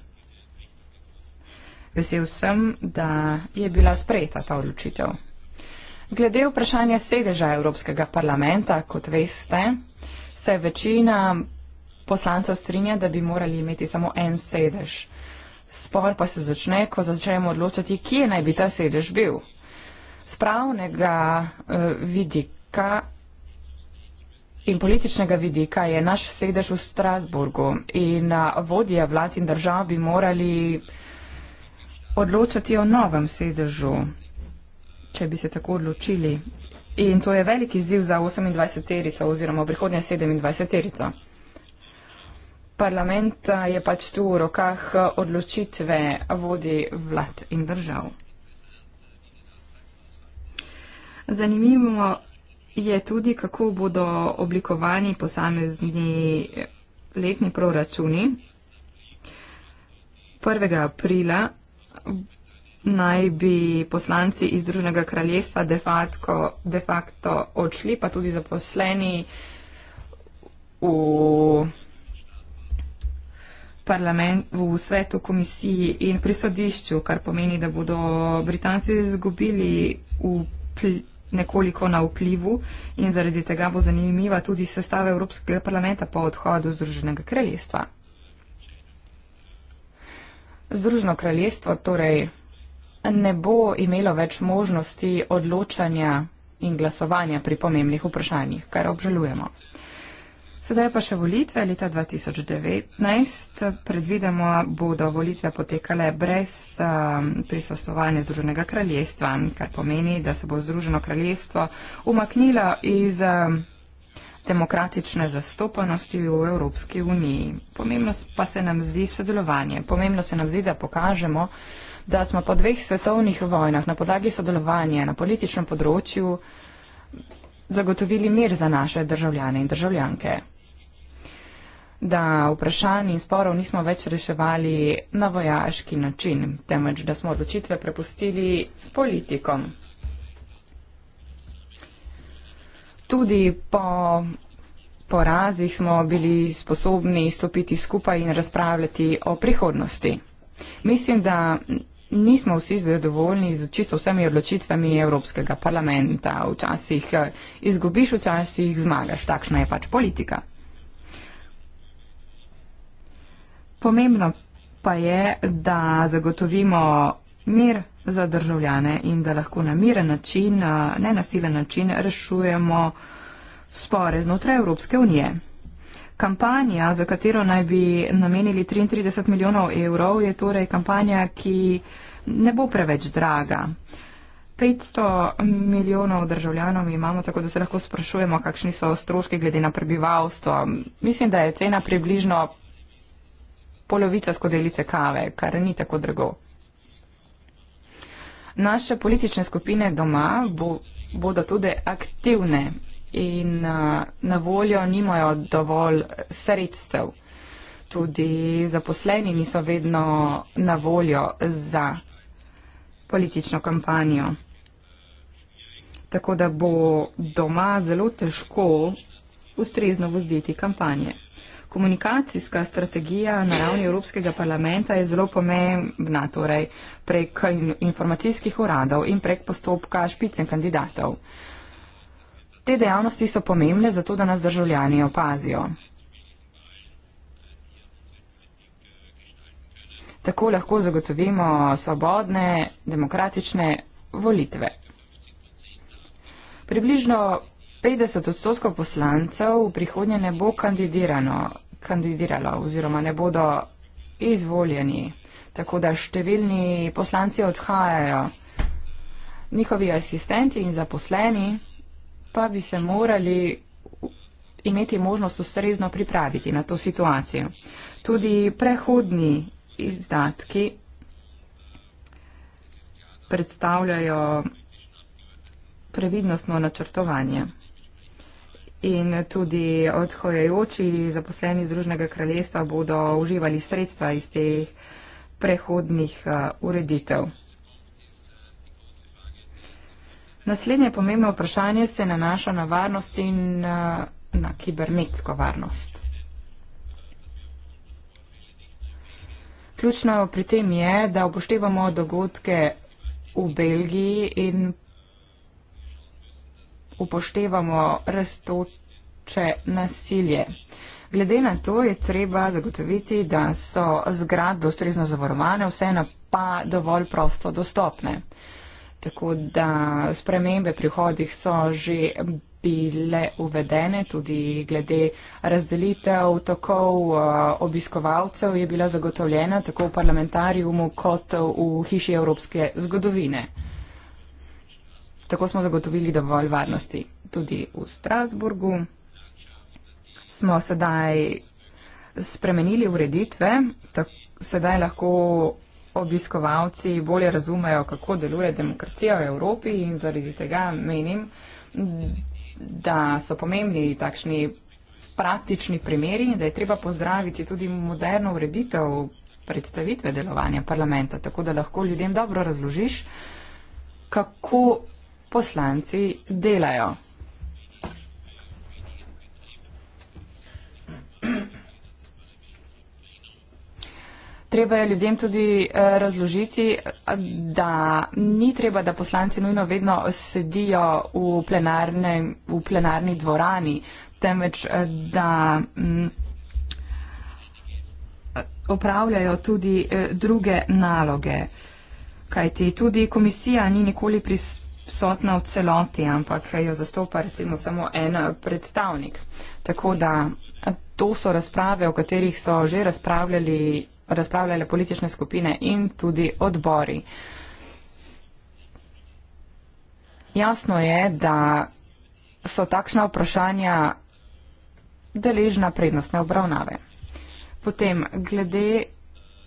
Vesel sem, da je bila sprejeta ta odločitev. Glede vprašanja sedeža Evropskega parlamenta, kot veste, se večina poslancev strinja, da bi morali imeti samo en sedež. Spor pa se začne, ko začnemo odločati, kje naj bi ta sedež bil. Z pravnega eh, vidika in političnega vidika je naš sedež v Strasburgu in eh, vodje vlad in držav bi morali odločati o novem sedežu če bi se tako odločili. In to je veliki ziv za 28-terico oziroma prihodnje 27-terico. Parlament eh, je pač tu v rokah eh, odločitve vodi vlad in držav. Zanimivo je tudi, kako bodo oblikovani posamezni letni proračuni. 1. aprila naj bi poslanci iz Združenega kraljestva de facto, de facto odšli, pa tudi zaposleni v, v svetu komisiji in pri sodišču, kar pomeni, da bodo Britanci izgubili nekoliko na vplivu in zaradi tega bo zanimiva tudi sestava Evropskega parlamenta po odhodu Združenega kraljestva. Združeno kraljestvo torej ne bo imelo več možnosti odločanja in glasovanja pri pomembnih vprašanjih, kar obžalujemo. Sedaj pa še volitve leta 2019. Predvidemo, bodo volitve potekale brez um, prisostovanja Združenega kraljestva, kar pomeni, da se bo Združeno kraljestvo umaknilo iz um, demokratične zastopanosti v Evropski uniji. Pomembno pa se nam zdi sodelovanje. Pomembno se nam zdi, da pokažemo, da smo po dveh svetovnih vojnah na podlagi sodelovanja na političnem področju zagotovili mir za naše državljane in državljanke. Da vprašanji in sporov nismo več reševali na vojaški način, temveč da smo odločitve prepustili politikom. Tudi po porazih smo bili sposobni stopiti skupaj in razpravljati o prihodnosti. Mislim, da nismo vsi zadovoljni z čisto vsemi odločitvami Evropskega parlamenta. Včasih eh, izgubiš, včasih zmagaš. Takšna je pač politika. Pomembno pa je, da zagotovimo mir za državljane in da lahko na miren način, eh, ne nasilen način, rešujemo spore znotraj Evropske unije. Kampanja, za katero naj bi namenili 33 milijonov evrov, je torej kampanja, ki ne bo preveč draga. 500 milijonov državljanov imamo, tako da se lahko sprašujemo, kakšni so stroški glede na prebivalstvo. Mislim, da je cena približno polovica skodelice kave, kar ni tako drago. Naše politične skupine doma bo, bodo tudi aktivne in eh, na voljo nimajo dovolj sredstev. Tudi zaposleni niso vedno na voljo za politično kampanjo. Tako da bo doma zelo težko ustrezno vzditi kampanje. Komunikacijska strategija na ravni Evropskega parlamenta je zelo pomembna, torej prek informacijskih uradov in prek postopka špicen kandidatov. Te dejavnosti so pomembne zato, da nas državljani opazijo. Tako lahko zagotovimo svobodne, demokratične volitve. Približno 50 odstotkov poslancev v prihodnje ne bo kandidiralo oziroma ne bodo izvoljeni. Tako da številni poslanci odhajajo. Njihovi asistenti in zaposleni pa bi se morali imeti možnost ustrezno pripraviti na to situacijo. Tudi prehodni izdatki predstavljajo previdnostno načrtovanje. In tudi odhojajoči zaposleni Združnega kraljestva bodo uživali sredstva iz teh prehodnih eh, ureditev. Naslednje pomembno vprašanje se nanaša na varnost in na, eh, na kibernetsko varnost. Ključno pri tem je, da upoštevamo dogodke v Belgiji in upoštevamo raztoče nasilje. Glede na to je treba zagotoviti, da so zgradbe ustrezno zavarovane, vse pa dovolj prosto dostopne. Tako da spremembe pri hodih so že bile uvedene, tudi glede razdelitev tokov eh, obiskovalcev je bila zagotovljena tako v parlamentarijumu kot v hiši evropske zgodovine. Tako smo zagotovili dovolj varnosti. Tudi v Strasburgu smo sedaj spremenili ureditve, tako sedaj lahko obiskovalci bolje razumejo, kako deluje demokracija v Evropi in zaradi tega menim, da so pomembni takšni praktični primeri in da je treba pozdraviti tudi moderno ureditev predstavitve delovanja parlamenta, tako da lahko ljudem dobro razložiš, kako poslanci delajo. Treba je ljudem tudi eh, razložiti, da ni treba, da poslanci nujno vedno sedijo v, plenarne, v plenarni dvorani, temveč eh, da mm, opravljajo tudi eh, druge naloge. Kajti tudi komisija ni nikoli prisotna v celoti, ampak jo zastopa recimo samo en predstavnik. Tako da to so razprave, o katerih so že razpravljali razpravljale politične skupine in tudi odbori. Jasno je, da so takšna vprašanja deležna prednostne obravnave. Potem, glede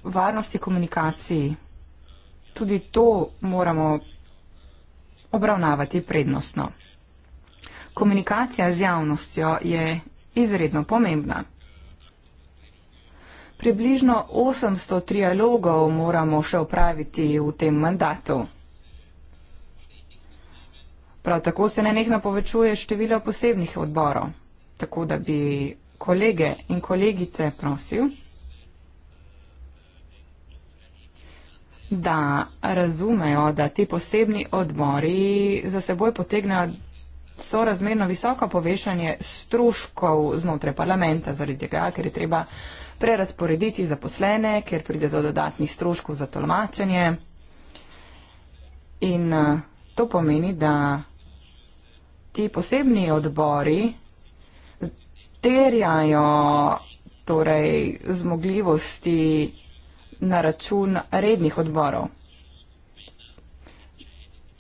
varnosti komunikacij, tudi to moramo obravnavati prednostno. Komunikacija z javnostjo je izredno pomembna. Približno 800 trialogov moramo še upraviti v tem mandatu. Prav tako se nenehno povečuje število posebnih odborov, tako da bi kolege in kolegice prosil, da razumejo, da ti posebni odbori za seboj potegnejo sorazmerno visoko povešanje stroškov znotraj parlamenta, zaradi tega, ker je treba prerasporediti zaposlene, ker pride do dodatnih stroškov za tolmačenje. In eh, to pomeni, da ti posebni odbori terjajo torej, zmogljivosti na račun rednih odborov.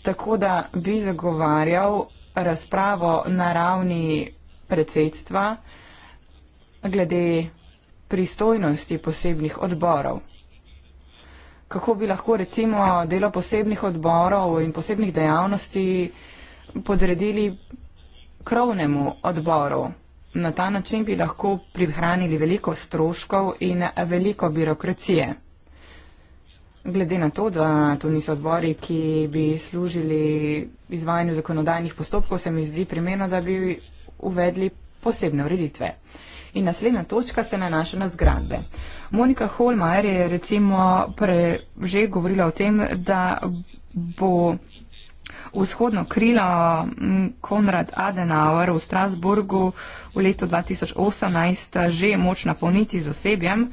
Tako da bi zagovarjal razpravo na ravni predsedstva glede pristojnosti posebnih odborov. Kako bi lahko recimo delo posebnih odborov in posebnih dejavnosti podredili krovnemu odboru? Na ta način bi lahko prihranili veliko stroškov in veliko birokracije. Glede na to, da to niso odbori, ki bi služili izvajanju zakonodajnih postopkov, se mi zdi primerno, da bi uvedli posebne ureditve in naslednja točka se nanaša na zgradbe. Monika Holmajer je recimo pre, že govorila o tem, da bo vzhodno krilo Konrad Adenauer v Strasburgu v letu 2018 že moč napolniti z osebjem.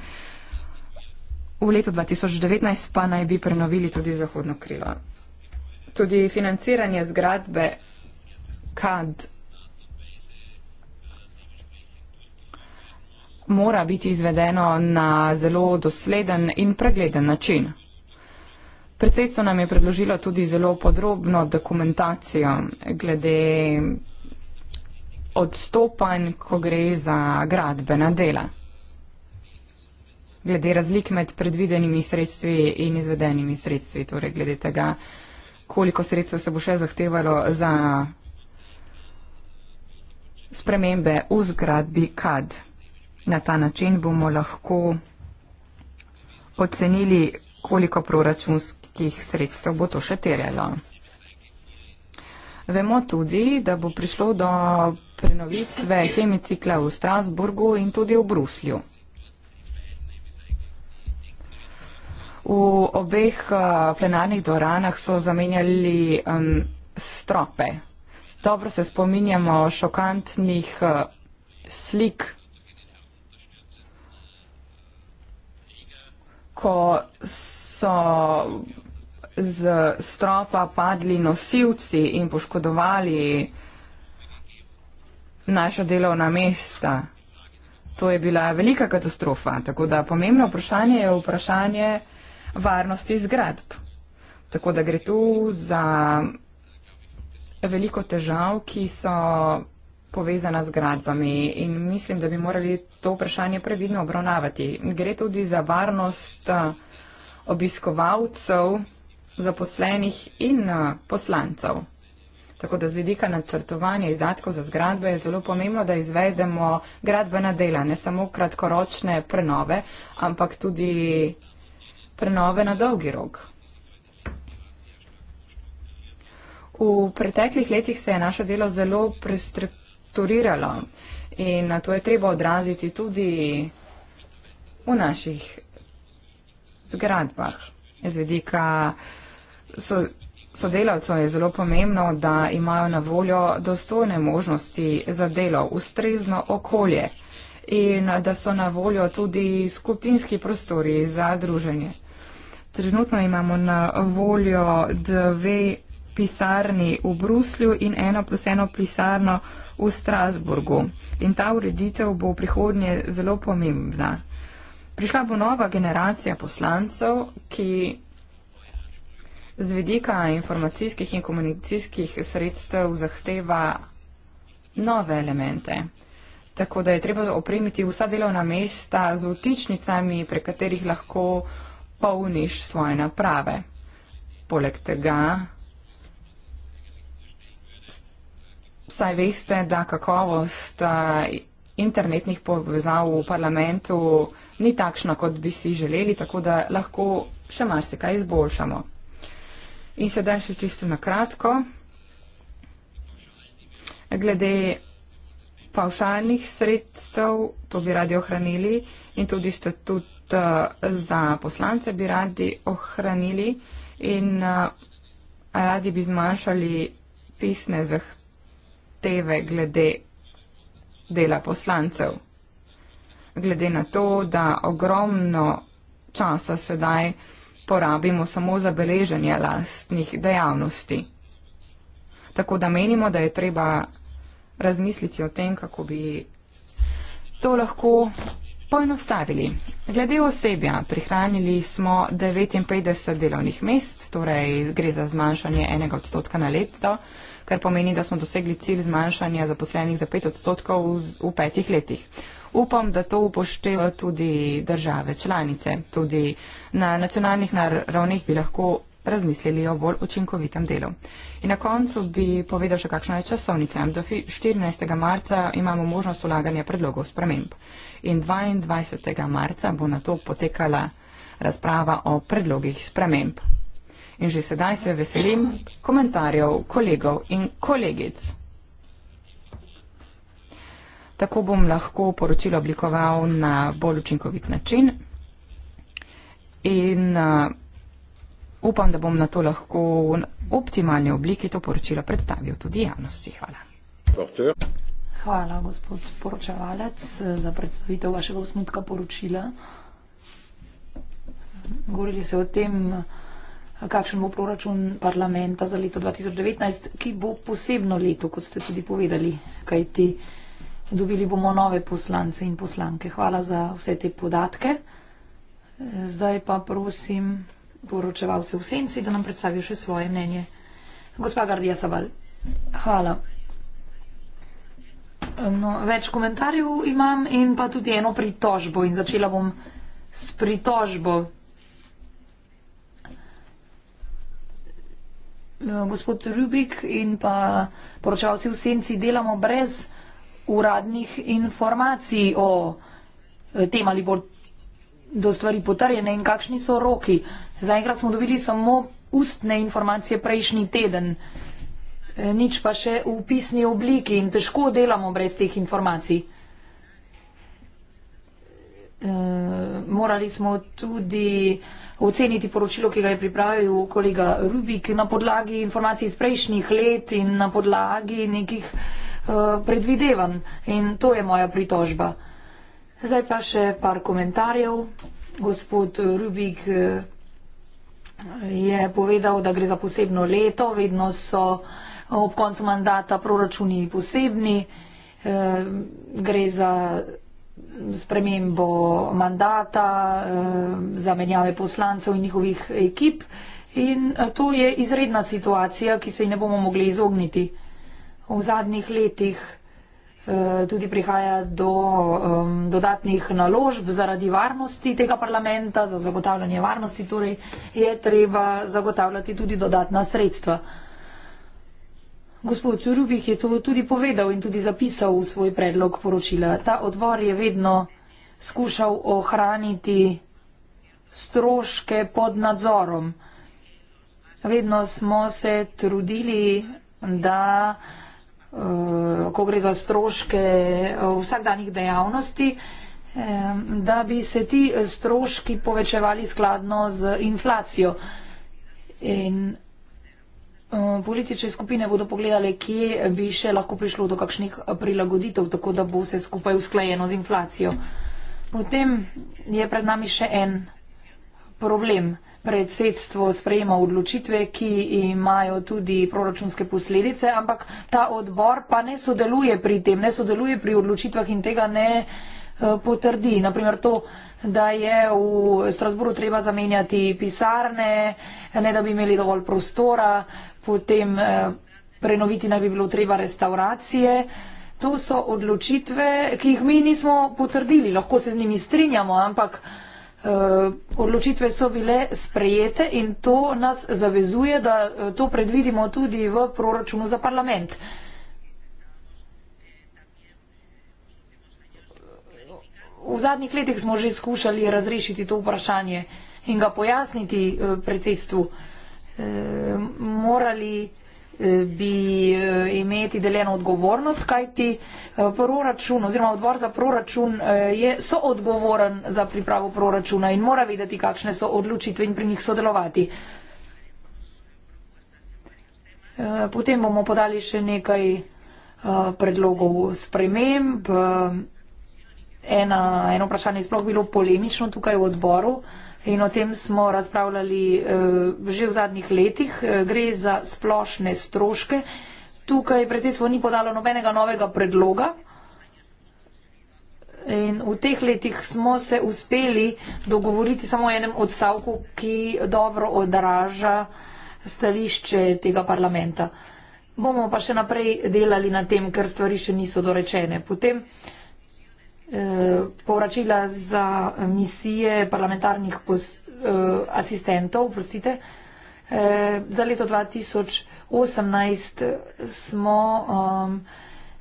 V letu 2019 pa naj bi prenovili tudi zahodno krilo. Tudi financiranje zgradbe KAD mora biti izvedeno na zelo dosleden in pregleden način. Predsedstvo nam je predložilo tudi zelo podrobno dokumentacijo glede odstopanj, ko gre za gradbena dela, glede razlik med predvidenimi sredstvi in izvedenimi sredstvi, torej glede tega, koliko sredstva se bo še zahtevalo za spremembe v zgradbi KAD. Na ta način bomo lahko ocenili, koliko proračunskih sredstev bo to še terjalo. Vemo tudi, da bo prišlo do prenovitve hemicikla v Strasburgu in tudi v Bruslju. V obeh eh, plenarnih dvoranah so zamenjali um, strope. Dobro se spominjamo šokantnih uh, slik ko so z stropa padli nosilci in poškodovali naša delovna mesta. To je bila velika katastrofa, tako da pomembno vprašanje je vprašanje varnosti zgradb. Tako da gre tu za veliko težav, ki so povezana z zgradbami in mislim, da bi morali to vprašanje previdno obravnavati. Gre tudi za varnost eh, obiskovalcev, zaposlenih in eh, poslancev. Tako da z vidika načrtovanja izdatkov za zgradbe je zelo pomembno, da izvedemo gradbena dela, ne samo kratkoročne prenove, ampak tudi prenove na dolgi rok. V preteklih letih se je naše delo zelo prestrpilo strukturiralo. In to je treba odraziti tudi v naših zgradbah. Z vedika so, sodelavcev je zelo pomembno, da imajo na voljo dostojne možnosti za delo, ustrezno okolje in da so na voljo tudi skupinski prostori za druženje. Trenutno imamo na voljo dve pisarni v Bruslju in eno plus eno pisarno v Strasburgu in ta ureditev bo v prihodnje zelo pomembna. Prišla bo nova generacija poslancev, ki z vidika informacijskih in komunikacijskih sredstev zahteva nove elemente. Tako da je treba opremiti vsa delovna mesta z vtičnicami, prek katerih lahko polniš svoje naprave. Poleg tega saj veste, da kakovost internetnih povezav v parlamentu ni takšna, kot bi si želeli, tako da lahko še marsikaj izboljšamo. In sedaj še čisto na kratko. Glede pavšalnih sredstev, to bi radi ohranili in tudi statut za poslance bi radi ohranili in radi bi zmanjšali pisne zahteve zahteve glede dela poslancev. Glede na to, da ogromno časa sedaj porabimo samo za beleženje lastnih dejavnosti. Tako da menimo, da je treba razmisliti o tem, kako bi to lahko poenostavili. Glede osebja, prihranili smo 59 delovnih mest, torej gre za zmanjšanje enega odstotka na leto kar pomeni, da smo dosegli cilj zmanjšanja zaposlenih za 5 odstotkov v, v petih letih. Upam, da to upošteva tudi države članice. Tudi na nacionalnih ravneh bi lahko razmislili o bolj učinkovitem delu. In na koncu bi povedal še, kakšna je časovnica. Do 14. marca imamo možnost ulaganja predlogov sprememb. In 22. marca bo na to potekala razprava o predlogih sprememb in že sedaj se veselim komentarjev kolegov in kolegic. Tako bom lahko poročilo oblikoval na bolj učinkovit način in uh, upam, da bom na to lahko v optimalni obliki to poročilo predstavil tudi javnosti. Hvala. Hvala, gospod poročevalec, za predstavitev vašega osnutka poročila. Govorili se o tem, uh, kakšen bo proračun parlamenta za leto 2019, ki bo posebno leto, kot ste tudi povedali, kajti dobili bomo nove poslance in poslanke. Hvala za vse te podatke. Zdaj pa prosim poročevalce v senci, da nam predstavijo še svoje mnenje. Gospa Gardija Saval, hvala. No, več komentarjev imam in pa tudi eno pritožbo in začela bom s pritožbo. Eh, gospod Rubik in pa poročavci v senci delamo brez uradnih informacij o eh, tem, ali bo do stvari potrjene in kakšni so roki. Zaenkrat smo dobili samo ustne informacije prejšnji teden, eh, nič pa še v pisni obliki in težko delamo brez teh informacij. Morali smo tudi oceniti poročilo, ki ga je pripravil kolega Rubik na podlagi informacij iz prejšnjih let in na podlagi nekih uh, predvidevanj. In to je moja pritožba. Zdaj pa še par komentarjev. Gospod Rubik eh, je povedal, da gre za posebno leto, vedno so ob koncu mandata proračuni posebni, eh, gre za spremembo mandata, eh, zamenjave poslancev in njihovih ekip. In eh, to je izredna situacija, ki se ji ne bomo mogli izogniti. V zadnjih letih eh, tudi prihaja do dodatnih naložb zaradi varnosti tega parlamenta, za zagotavljanje varnosti torej je treba zagotavljati tudi dodatna sredstva. Gospod Rubik je to tudi povedal in tudi zapisal v svoj predlog poročila. Ta odbor je vedno skušal ohraniti stroške pod nadzorom. Vedno smo se trudili, da eh, ko gre za stroške eh, vsakdanjih dejavnosti, eh, da bi se ti stroški povečevali skladno z inflacijo. In Eh, politične skupine bodo pogledali, kje bi še lahko prišlo do kakšnih prilagoditev, tako da bo vse skupaj usklajeno z inflacijo. Potem je pred nami še en problem. Predsedstvo sprejema odločitve, ki imajo tudi proračunske posledice, ampak ta odbor pa ne sodeluje pri tem, ne sodeluje pri odločitvah in tega ne Eh, potrdi. Naprimer to, da je v Strasburu treba zamenjati pisarne, ne da bi imeli dovolj prostora, potem eh, prenoviti naj bi bilo treba restauracije. To so odločitve, ki jih mi nismo potrdili. Lahko se z njimi strinjamo, ampak eh, odločitve so bile sprejete in to nas zavezuje, da to predvidimo tudi v proračunu za parlament. v zadnjih letih smo že skušali razrešiti to vprašanje in ga pojasniti eh, predsedstvu. Eh, morali eh, bi imeti deljeno odgovornost, kajti proračun oziroma odbor za proračun je soodgovoren za pripravo proračuna in mora vedeti, kakšne so odločitve in pri njih sodelovati. Potem bomo podali še nekaj predlogov sprememb ena, eno vprašanje sploh bilo polemično tukaj v odboru in o tem smo razpravljali uh, že v zadnjih letih. Uh, gre za splošne stroške. Tukaj predsedstvo ni podalo nobenega novega predloga. In v teh letih smo se uspeli dogovoriti samo o enem odstavku, ki dobro odraža stališče tega parlamenta. Bomo pa še naprej delali na tem, ker stvari še niso dorečene. Potem uh, Eh, povračila za misije parlamentarnih pos, eh, asistentov, prostite. Eh, za leto 2018 smo eh,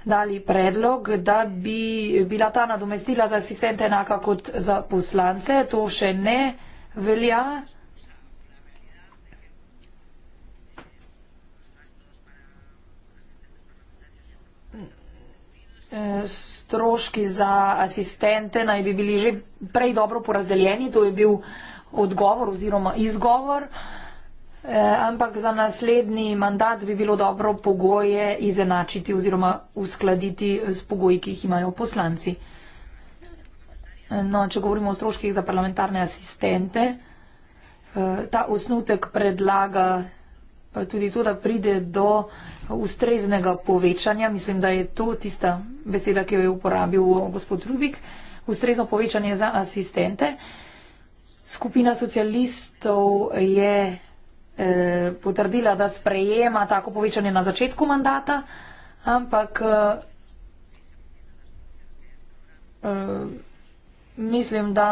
dali predlog, da bi bila ta nadomestila za asistente enaka kot za poslance. To še ne velja. Hmm stroški za asistente naj bi bili že prej dobro porazdeljeni, to je bil odgovor oziroma izgovor, eh, ampak za naslednji mandat bi bilo dobro pogoje izenačiti oziroma uskladiti s pogoji, ki jih imajo poslanci. No, če govorimo o stroških za parlamentarne asistente, eh, ta osnutek predlaga pa tudi to, da pride do ustreznega povečanja, mislim, da je to tista beseda, ki jo je uporabil eh, gospod Rubik, ustrezno povečanje za asistente. Skupina socialistov je eh, potrdila, da sprejema tako povečanje na začetku mandata, ampak eh, eh mislim, da.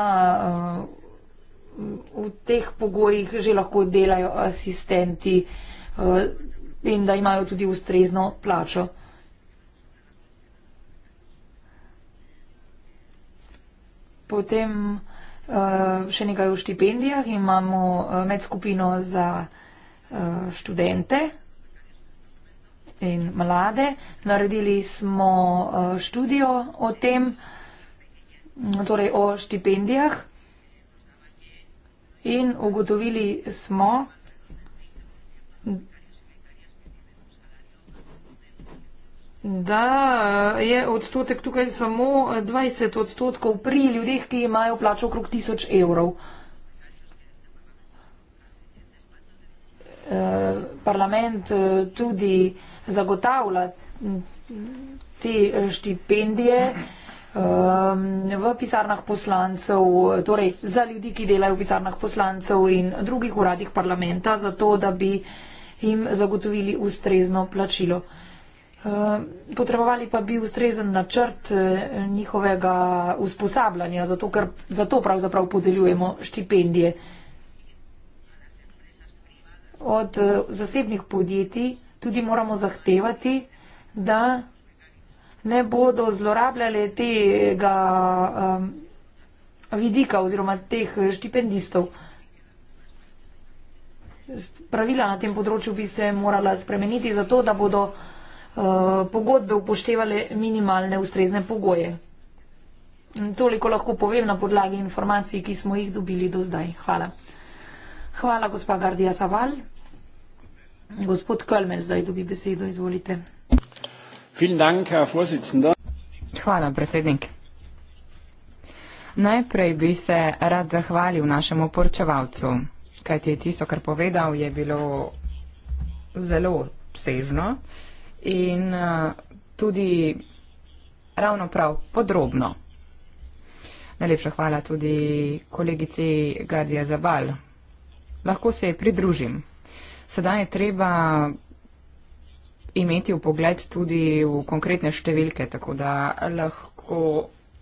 Eh, v teh pogojih že lahko delajo asistenti eh, in da imajo tudi ustrezno plačo. Potem eh, še nekaj o štipendijah. Imamo eh, medskupino za študente in mlade. Naredili smo študijo o tem, torej o štipendijah. In ugotovili smo, da eh, je odstotek tukaj samo 20 odstotkov pri ljudeh, ki imajo plačo okrog 1000 evrov. Eh, parlament eh, tudi zagotavlja te štipendije um, v pisarnah poslancev, torej za ljudi, ki delajo v pisarnah poslancev in drugih uradih parlamenta, zato da bi jim zagotovili ustrezno plačilo. Ehm, potrebovali pa bi ustrezen načrt eh, njihovega usposabljanja, zato, ker, zato pravzaprav podeljujemo štipendije. Od eh, zasebnih podjetij tudi moramo zahtevati, da ne bodo zlorabljali tega um, vidika oziroma teh štipendistov. Pravila na tem področju bi se morala spremeniti zato, da bodo uh, pogodbe upoštevale minimalne ustrezne pogoje. Toliko lahko povem na podlagi informacij, ki smo jih dobili do zdaj. Hvala. Hvala, gospa Gardija Saval. Gospod Kölmel zdaj dobi besedo. Izvolite. Hvala, predsednik. Najprej bi se rad zahvalil našemu poročevalcu, kajti tisto, kar povedal, je bilo zelo sežno in eh, tudi ravno prav podrobno. Najlepša hvala tudi kolegici Gardija Zabal. Lahko se pridružim. Sedaj je treba imeti v pogled tudi v konkretne številke, tako da lahko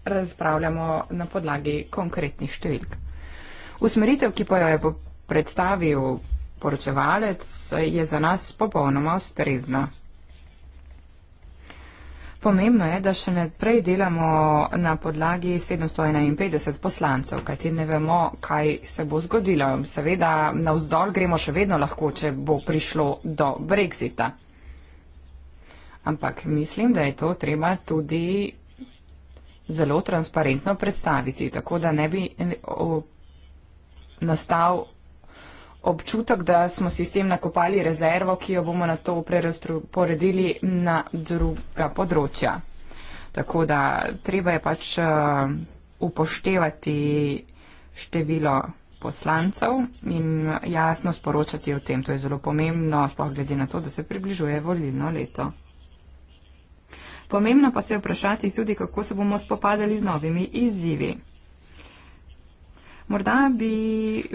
razpravljamo na podlagi konkretnih številk. Usmeritev, ki pa jo je predstavil poročevalec, je za nas popolnoma ustrezna. Pomembno je, da še naprej delamo na podlagi 751 poslancev, kajti ne vemo, kaj se bo zgodilo. Seveda, navzdol gremo še vedno lahko, če bo prišlo do brexita ampak mislim, da je to treba tudi zelo transparentno predstaviti, tako da ne bi eh, nastal občutek, da smo si s tem nakopali rezervo, ki jo bomo na to preporedili na druga področja. Tako da treba je pač eh, upoštevati število poslancev in eh, jasno sporočati o tem. To je zelo pomembno, spogledi na to, da se približuje volilno leto. Pomembno pa se je vprašati tudi, kako se bomo spopadali z novimi izzivi. Morda bi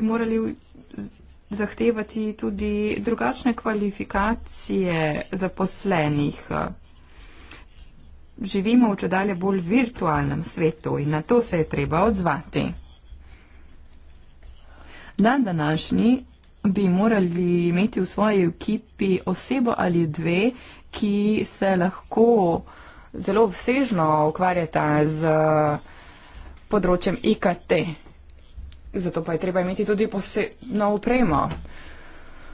morali zahtevati tudi drugačne kvalifikacije zaposlenih. Živimo v čedalje bolj virtualnem svetu in na to se je treba odzvati. Dan današnji bi morali imeti v svoji ekipi osebo ali dve, ki se lahko uh, zelo obsežno ukvarjata z eh, področjem IKT. Zato pa je treba imeti tudi posebno upremo.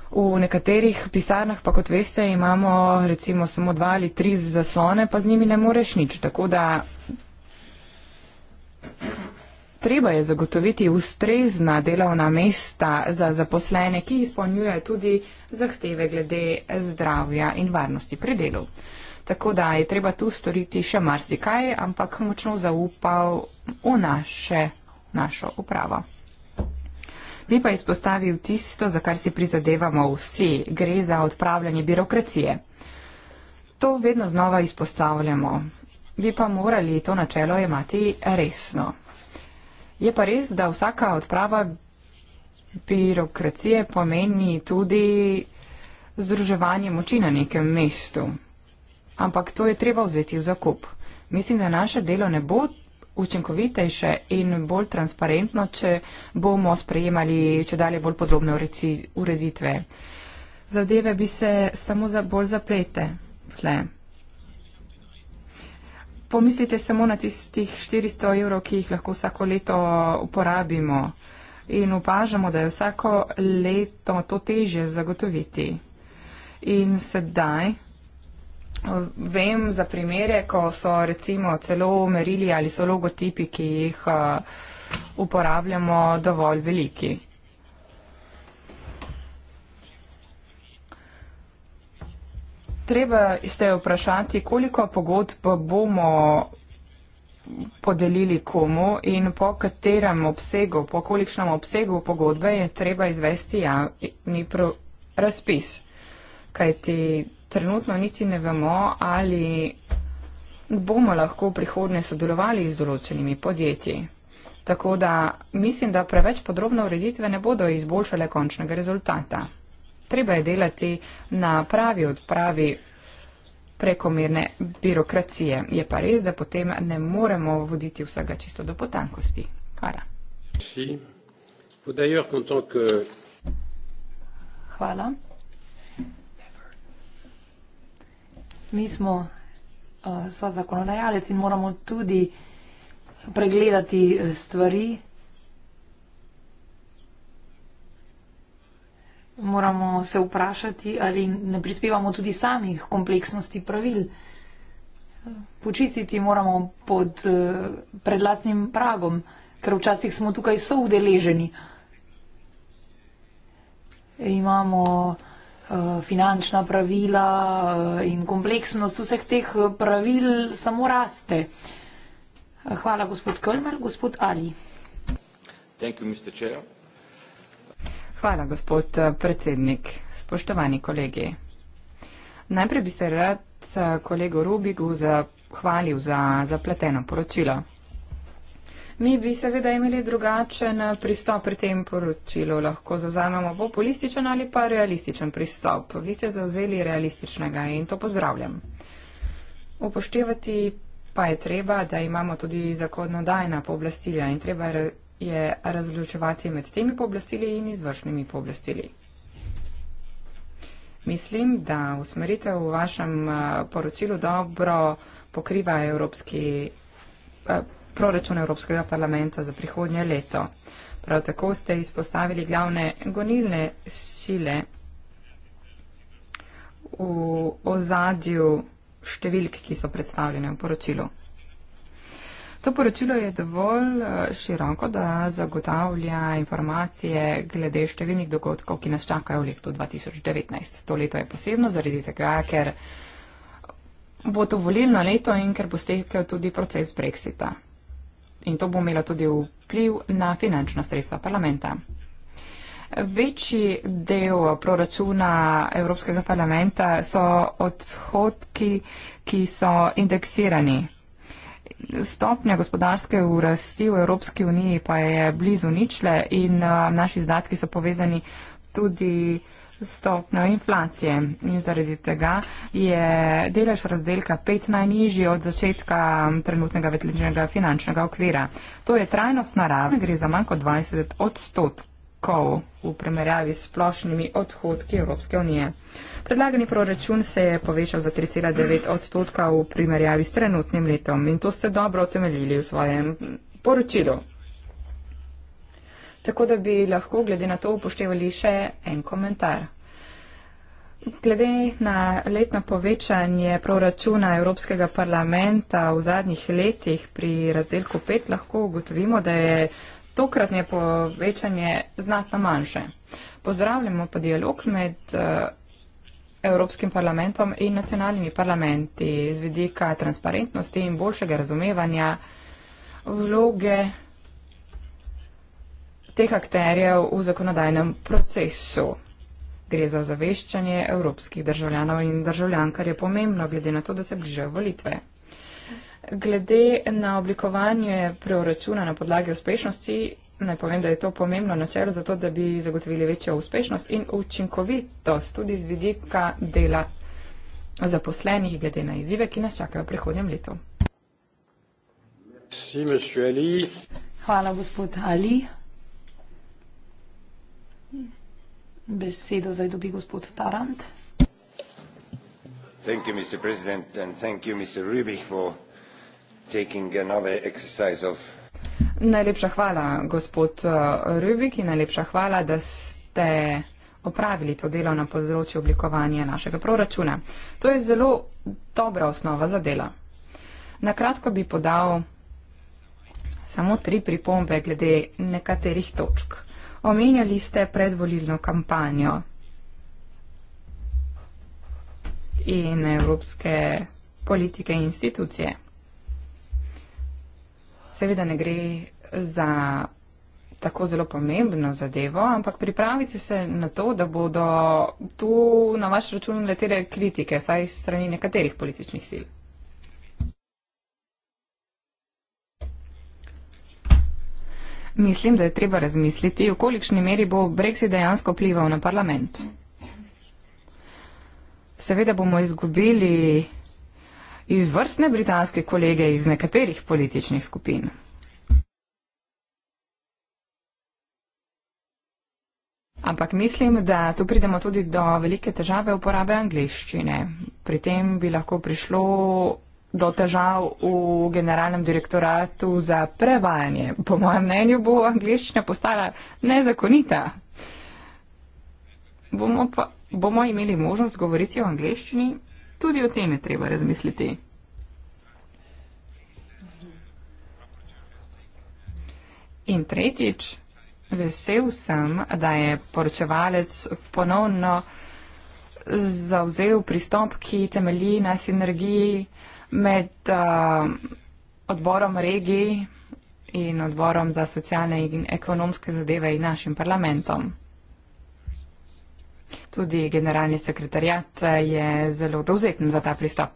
V nekaterih pisarnah, pa kot veste, imamo recimo samo dva ali tri zaslone, pa z njimi ne moreš nič. Tako da treba je zagotoviti ustrezna delovna mesta za zaposlene, ki izpolnjuje tudi zahteve glede zdravja in varnosti pri delu. Tako da je treba tu storiti še marsikaj, ampak močno zaupal v naše, našo upravo. Bi pa izpostavil tisto, za kar si prizadevamo vsi, gre za odpravljanje birokracije. To vedno znova izpostavljamo. Bi pa morali to načelo imati resno. Je pa res, da vsaka odprava birokracije pomeni tudi združevanje moči na nekem mestu ampak to je treba vzeti v zakup. Mislim, da naše delo ne bo učinkovitejše in bolj transparentno, če bomo sprejemali če dalje bolj podrobne ureditve. Zadeve bi se samo za bolj zaplete. Tle. Pomislite samo na tistih 400 evrov, ki jih lahko vsako leto uporabimo in upažamo, da je vsako leto to teže zagotoviti. In sedaj Vem za primere, ko so recimo celo merili ali so logotipi, ki jih uporabljamo, dovolj veliki. Treba ste vprašati, koliko pogodb bomo podelili komu in po katerem obsegu, po kolikšnem obsegu pogodbe je treba izvesti javni razpis. Kajti trenutno niti ne vemo, ali bomo lahko v prihodnje sodelovali z določenimi podjetji. Tako da mislim, da preveč podrobne ureditve ne bodo izboljšale končnega rezultata. Treba je delati na pravi odpravi prekomerne birokracije. Je pa res, da potem ne moremo voditi vsega čisto do potankosti. Hvala. Hvala. mi smo uh, zakonodajalec in moramo tudi pregledati eh, stvari. Moramo se vprašati, ali ne prispevamo tudi samih kompleksnosti pravil. Počistiti moramo pod uh, predlastnim pragom, ker včasih smo tukaj soudeleženi. Imamo uh, Eh, finančna pravila eh, in kompleksnost vseh teh eh, pravil samo raste. Hvala, gospod Kölmer. Gospod Ali. Thank you, Mr. Chair. Hvala, gospod predsednik. Spoštovani kolegi. Najprej bi se rad kolegu Rubigu zahvalil za zapleteno poročilo. Mi bi seveda imeli drugačen eh, pristop pri tem poročilu. Lahko zauzamemo populističen ali pa realističen pristop. Vi ste zauzeli realističnega in to pozdravljam. Upoštevati pa je treba, da imamo tudi zakonodajna pooblastila in treba je razločevati med temi pooblastili in izvršnimi pooblastili. Mislim, da usmeritev v vašem eh, poročilu dobro pokriva evropski eh, proračun Evropskega parlamenta za prihodnje leto. Prav tako ste izpostavili glavne gonilne sile v ozadju številk, ki so predstavljene v poročilu. To poročilo je dovolj eh, široko, da zagotavlja informacije glede številnih dogodkov, ki nas čakajo v letu 2019. To leto je posebno zaradi tega, ker bo to volilno leto in ker bo stekel tudi proces Brexita in to bo imelo tudi vpliv na finančna sredstva parlamenta. Večji del proračuna Evropskega parlamenta so odhodki, ki so indeksirani. Stopnja gospodarske urasti v Evropski uniji pa je blizu ničle in uh, naši izdatki so povezani tudi uh, stopnjo inflacije. In zaradi tega je delež razdelka 5 najnižji od začetka trenutnega vetličnega finančnega okvira. To je trajnost narave, gre za manj kot 20 odstotkov v primerjavi s splošnimi odhodki Evropske unije. Predlagani proračun se je povečal za 3,9 odstotka v primerjavi s trenutnim letom in to ste dobro otemeljili v svojem poročilu tako da bi lahko glede na to upoštevali še en komentar. Glede na letno povečanje proračuna Evropskega parlamenta v zadnjih letih pri razdelku 5 lahko ugotovimo, da je tokratnje povečanje znatno manjše. Pozdravljamo pa dialog med eh, Evropskim parlamentom in nacionalnimi parlamenti z vidika transparentnosti in boljšega razumevanja vloge teh akterjev v zakonodajnem procesu. Gre za ozaveščanje evropskih državljanov in državljan, kar je pomembno, glede na to, da se bližajo volitve. Glede na oblikovanje preoračuna na podlagi uspešnosti, naj povem, da je to pomembno načelo za to, da bi zagotovili večjo uspešnost in učinkovitost tudi z vidika dela zaposlenih glede na izzive, ki nas čakajo v prihodnjem letu. Hvala, gospod Ali. Besedo zdaj dobi gospod Tarant. Thank you, Mr. President, and thank you, Mr. Rübig, for taking another exercise of. Najlepša hvala, gospod uh, Rübig, in najlepša hvala, da ste opravili to delo na področju oblikovanja našega proračuna. To je zelo dobra osnova za delo. Nakratko bi podal samo tri pripombe glede nekaterih točk. Omenjali ste predvolilno kampanjo in evropske politike in institucije. Seveda ne gre za tako zelo pomembno zadevo, ampak pripravite se na to, da bodo tu na vaš račun letele kritike, saj strani nekaterih političnih sil. Mislim, da je treba razmisliti, v kolikšni meri bo Brexit dejansko plival na parlament. Seveda bomo izgubili izvrstne britanske kolege iz nekaterih političnih skupin. Ampak mislim, da tu pridemo tudi do velike težave uporabe angliščine. Pri tem bi lahko prišlo do težav v generalnem direktoratu za prevajanje. Po mojem mnenju bo angliščina postala nezakonita. Bomo, pa, bomo imeli možnost govoriti o angliščini, tudi o tem je treba razmisliti. In tretjič, vesel sem, da je poročevalec ponovno zauzel pristop, ki temelji na sinergiji med uh, odborom regij in odborom za socialne in ekonomske zadeve in našim parlamentom. Tudi generalni sekretarjat eh, je zelo dovzeten za ta pristop.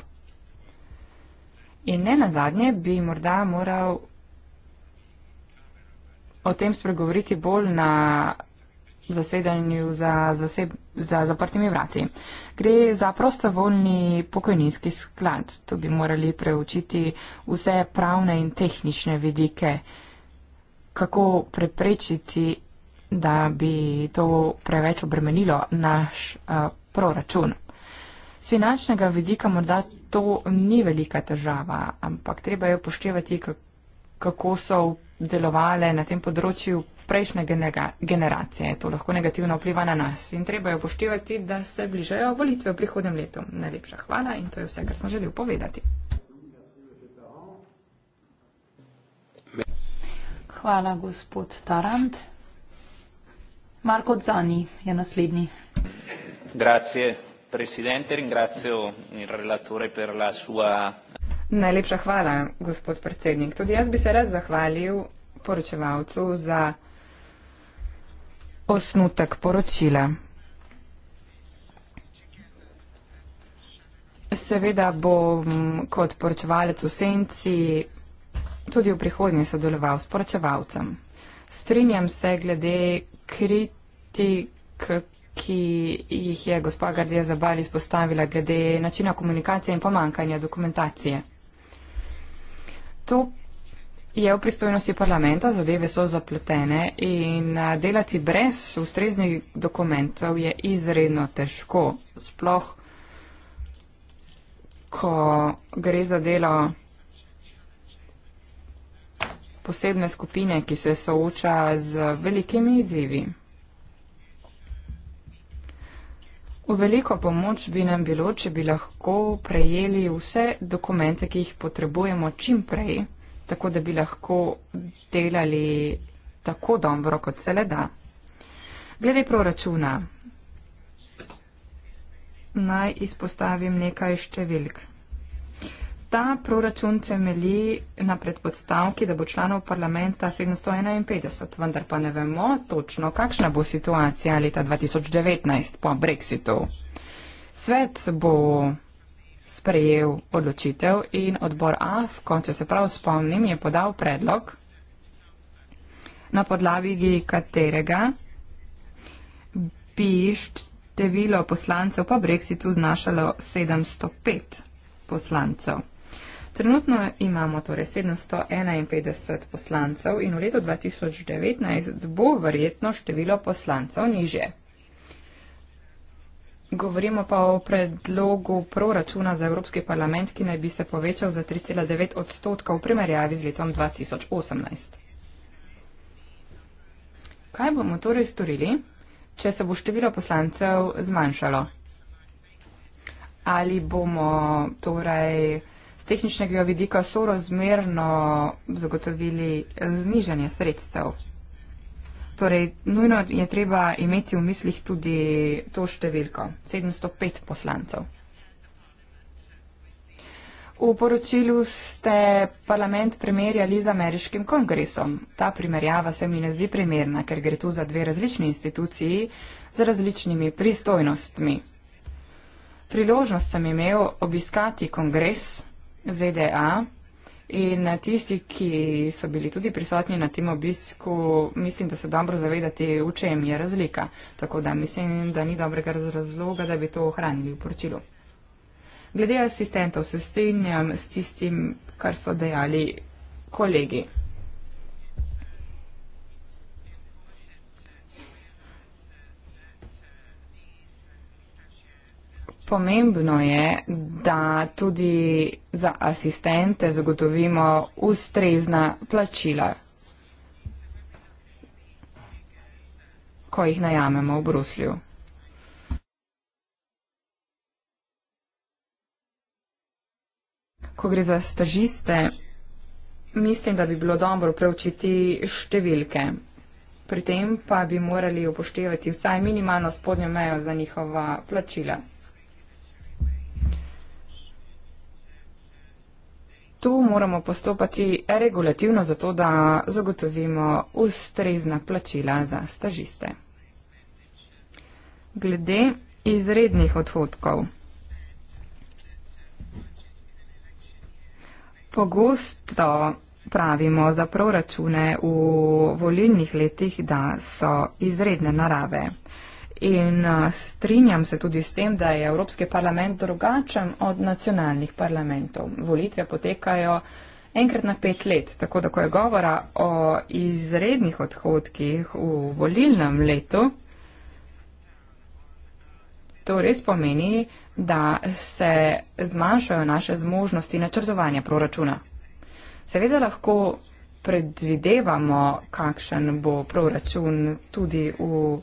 In ne nazadnje bi morda moral o tem spregovoriti bolj na zasedanju za, zaseb, za zaprtimi vrati. Gre za prostovoljni pokojninski sklad. Tu bi morali preučiti vse pravne in tehnične vidike, kako preprečiti, da bi to preveč obremenilo naš a, proračun. Z finančnega vidika morda to ni velika težava, ampak treba je upoštevati, kako so delovale na tem področju prejšnje generacije. To lahko negativno vpliva na nas in treba je upoštevati, da se bližajo volitve v prihodnem letu. Najlepša hvala in to je vse, kar sem želel povedati. Hvala, gospod Tarant. Marko Zani je naslednji. Grazie, presidente, ringrazio il relatore per la sua. Najlepša hvala, gospod predsednik. Tudi jaz bi se rad zahvalil poročevalcu za osnutek poročila. Seveda bom kot poročevalec v senci tudi v prihodnje sodeloval s poročevalcem. Strinjam se glede kritik, ki jih je gospa Gardija Zabal izpostavila glede načina komunikacije in pomankanja dokumentacije. To Je v pristojnosti parlamenta, zadeve so zapletene in delati brez ustreznih dokumentov je izredno težko. Sploh, ko gre za delo posebne skupine, ki se sooča z velikimi izzivi. V veliko pomoč bi nam bilo, če bi lahko prejeli vse dokumente, ki jih potrebujemo čim prej tako da bi lahko delali tako dobro, kot se le da. Glede proračuna, naj izpostavim nekaj številk. Ta proračun temelji na predpostavki, da bo članov parlamenta 751, vendar pa ne vemo točno, kakšna bo situacija leta 2019 po Brexitu. Svet bo sprejel odločitev in odbor AF, če se prav spomnim, je podal predlog, na podlagi katerega bi število poslancev po Brexitu znašalo 705 poslancev. Trenutno imamo torej 751 poslancev in v letu 2019 bo verjetno število poslancev nižje. Govorimo pa o predlogu proračuna za Evropski parlament, ki naj bi se povečal za 3,9 odstotka v primerjavi z letom 2018. Kaj bomo torej storili, če se bo število poslancev zmanjšalo? Ali bomo torej z tehničnega vidika sorozmerno zagotovili znižanje sredstev? Torej, nujno je treba imeti v mislih tudi to številko, 705 poslancev. V poročilu ste parlament primerjali z ameriškim kongresom. Ta primerjava se mi ne zdi primerna, ker gre tu za dve različni instituciji z različnimi pristojnostmi. Priložnost sem imel obiskati kongres ZDA In tisti, ki so bili tudi prisotni na tem obisku, mislim, da se dobro zavedati, v čem je razlika. Tako da mislim, da ni dobrega razloga, da bi to ohranili v poročilu. Glede asistentov se strinjam s tistim, kar so dejali kolegi. pomembno je, da tudi za asistente zagotovimo ustrezna plačila, ko jih najamemo v Bruslju. Ko gre za stažiste, mislim, da bi bilo dobro preučiti številke. Pri tem pa bi morali upoštevati vsaj minimalno spodnjo mejo za njihova plačila. Tu moramo postopati regulativno, zato da zagotovimo ustrezna plačila za stažiste. Glede izrednih odhodkov. Pogosto pravimo za proračune v volilnih letih, da so izredne narave. In uh, strinjam se tudi s tem, da je Evropski parlament drugačen od nacionalnih parlamentov. Volitve potekajo enkrat na pet let, tako da ko je govora o izrednih odhodkih v volilnem letu, to res pomeni, da se zmanjšajo naše zmožnosti načrtovanja proračuna. Seveda lahko predvidevamo, kakšen bo proračun tudi v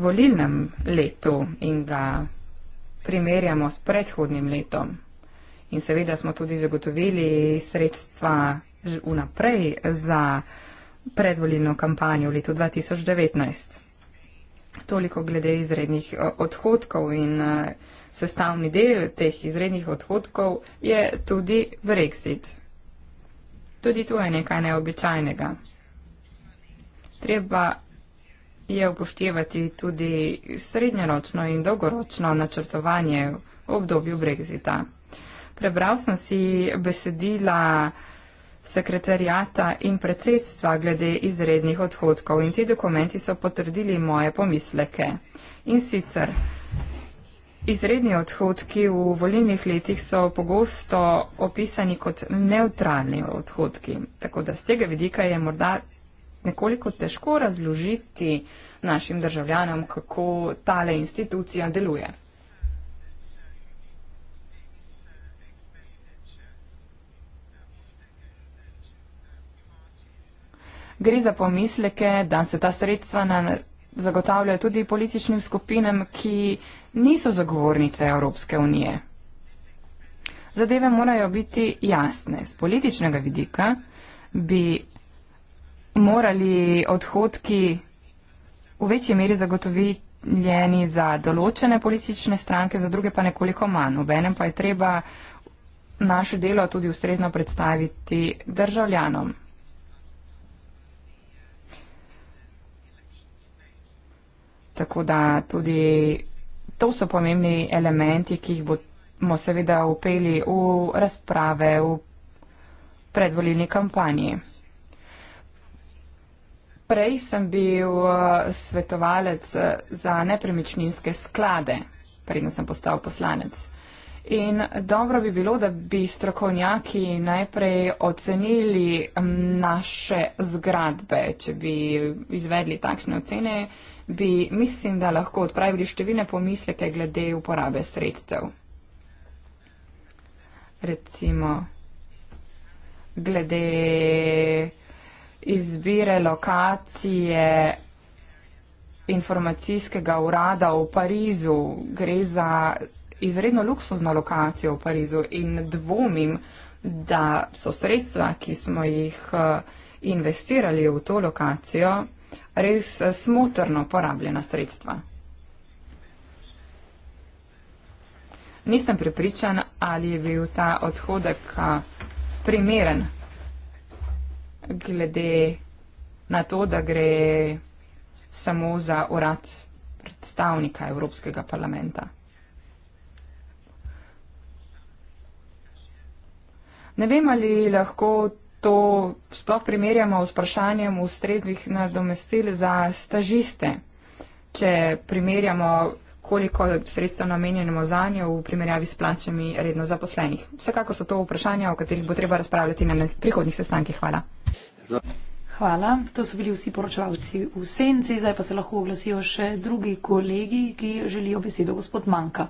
volilnem letu in ga primerjamo s predhodnim letom. In seveda smo tudi zagotovili sredstva vnaprej za predvolilno kampanjo v letu 2019. Toliko glede izrednih eh, odhodkov in eh, sestavni del teh izrednih odhodkov je tudi Brexit. Tudi to je nekaj neobičajnega. Treba je upoštevati tudi srednjeročno in dolgoročno načrtovanje v obdobju brexita. Prebral sem si besedila sekretarjata in predsedstva glede izrednih odhodkov in ti dokumenti so potrdili moje pomisleke. In sicer, izredni odhodki v volilnih letih so pogosto opisani kot neutralni odhodki, tako da z tega vidika je morda nekoliko težko razložiti našim državljanom, kako tale institucija deluje. Gre za pomisleke, da se ta sredstva zagotavljajo tudi političnim skupinam, ki niso zagovornice Evropske unije. Zadeve morajo biti jasne. Z političnega vidika bi morali odhodki v večji meri zagotoviti za določene politične stranke, za druge pa nekoliko manj. Obenem pa je treba naše delo tudi ustrezno predstaviti državljanom. Tako da tudi to so pomembni elementi, ki jih bomo seveda upeli v razprave v predvoljeni kampanji prej sem bil uh, svetovalec uh, za nepremičninske sklade, predtem sem postal poslanec. In dobro bi bilo, da bi strokovnjaki najprej ocenili naše zgradbe. Če bi izvedli takšne ocene, bi mislim, da lahko odpravili številne pomisleke glede uporabe sredstev. Recimo glede izbire lokacije informacijskega urada v Parizu. Gre za izredno luksuzno lokacijo v Parizu in dvomim, da so sredstva, ki smo jih eh, investirali v to lokacijo, res eh, smotrno porabljena sredstva. Nisem pripričan, ali je bil ta odhodek eh, primeren glede na to, da gre samo za urad predstavnika Evropskega parlamenta. Ne vem, ali lahko to sploh primerjamo s vprašanjem ustreznih nadomestil za stažiste, če primerjamo, koliko sredstev namenjenemo za njo v primerjavi s plačami redno zaposlenih. Vsekako so to vprašanja, o katerih bo treba razpravljati na prihodnih sestankih. Hvala. Hvala. To so bili vsi poročevalci v senci. Zdaj pa se lahko oglasijo še drugi kolegi, ki želijo besedo. Gospod Manka.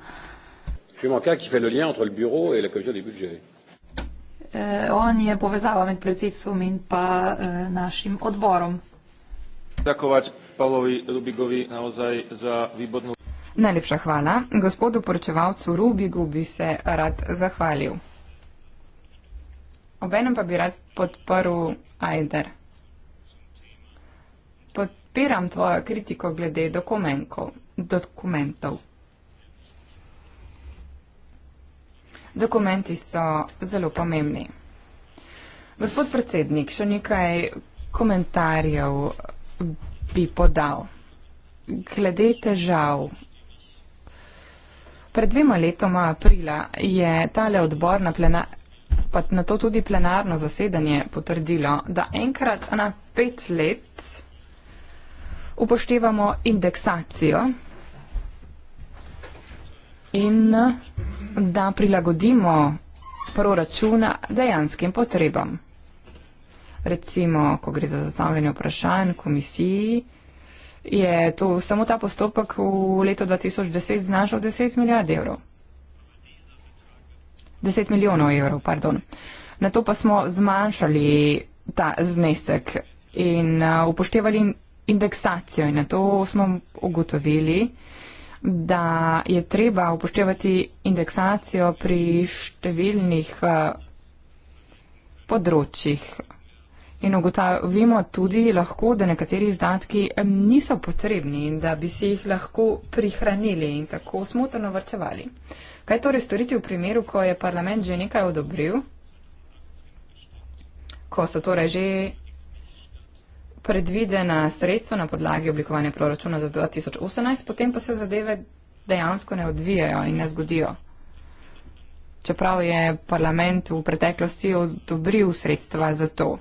Eh, on je povezava med predsedstvom in pa eh, našim odborom. Najlepša hvala. Gospodu poročevalcu Rubigu bi se rad zahvalil. Obenem pa bi rad podprl Ajder. Podpiram tvojo kritiko glede dokumentov. dokumentov. Dokumenti so zelo pomembni. Gospod predsednik, še nekaj komentarjev bi podal. Glede težav. Pred dvema letoma aprila je tale odbor na plenar pa na to tudi plenarno zasedanje potrdilo, da enkrat na pet let upoštevamo indeksacijo in da prilagodimo proračuna dejanskim potrebam. Recimo, ko gre za zastavljanje vprašanj komisiji, je to samo ta postopek v letu 2010 znašal 10 milijard evrov. 10 milijonov evrov, pardon. Na to pa smo zmanjšali ta znesek in uh, upoštevali indeksacijo in na to smo ugotovili, da je treba upoštevati indeksacijo pri številnih uh, področjih. In ugotavljamo tudi lahko, da nekateri izdatki uh, niso potrebni in da bi si jih lahko prihranili in tako smotrno vrčevali. Kaj torej storiti v primeru, ko je parlament že nekaj odobril, ko so torej že predvidena sredstva na podlagi oblikovanja proračuna za 2018, potem pa se zadeve dejansko ne odvijajo in ne zgodijo. Čeprav je parlament v preteklosti odobril sredstva za to.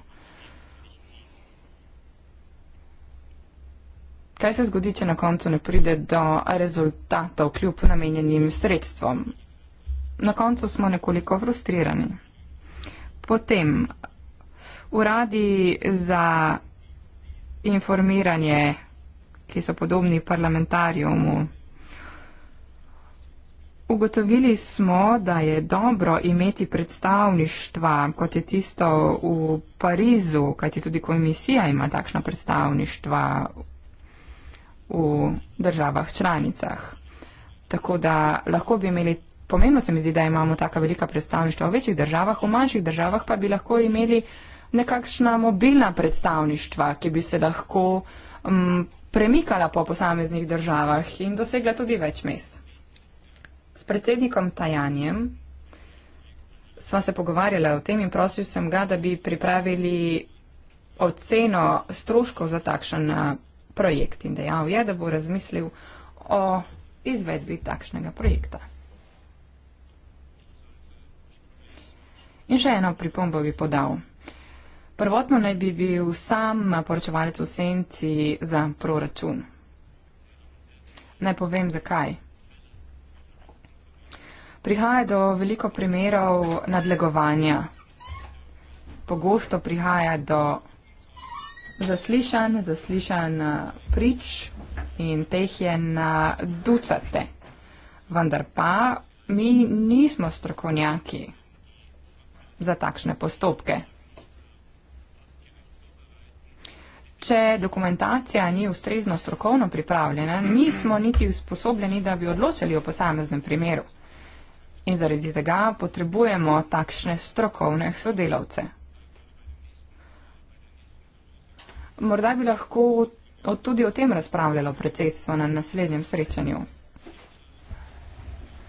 Kaj se zgodi, če na koncu ne pride do rezultatov kljub namenjenim sredstvom? Na koncu smo nekoliko frustrirani. Potem uradi za informiranje, ki so podobni parlamentarjumu, ugotovili smo, da je dobro imeti predstavništva, kot je tisto v Parizu, kajti tudi komisija ima takšna predstavništva v državah članicah. Tako da lahko bi imeli, pomembno se mi zdi, da imamo taka velika predstavništva v večjih državah, v manjših državah pa bi lahko imeli nekakšna mobilna predstavništva, ki bi se lahko m, mm, premikala po posameznih državah in dosegla tudi več mest. S predsednikom Tajanjem sva se pogovarjala o tem in prosil sem ga, da bi pripravili oceno stroškov za takšen projekt in dejal je, da bo razmislil o izvedbi takšnega projekta. In še eno pripombo bi podal. Prvotno naj bi bil sam poročevalec v senci za proračun. Naj povem zakaj. Prihaja do veliko primerov nadlegovanja. Pogosto prihaja do zaslišan, zaslišan eh, prič in teh je na ducate. Vendar pa mi nismo strokovnjaki za takšne postopke. Če dokumentacija ni ustrezno strokovno pripravljena, nismo niti usposobljeni, da bi odločili o posameznem primeru. In zaradi tega potrebujemo takšne strokovne sodelavce. morda bi lahko tudi o tem razpravljalo predsedstvo na naslednjem srečanju.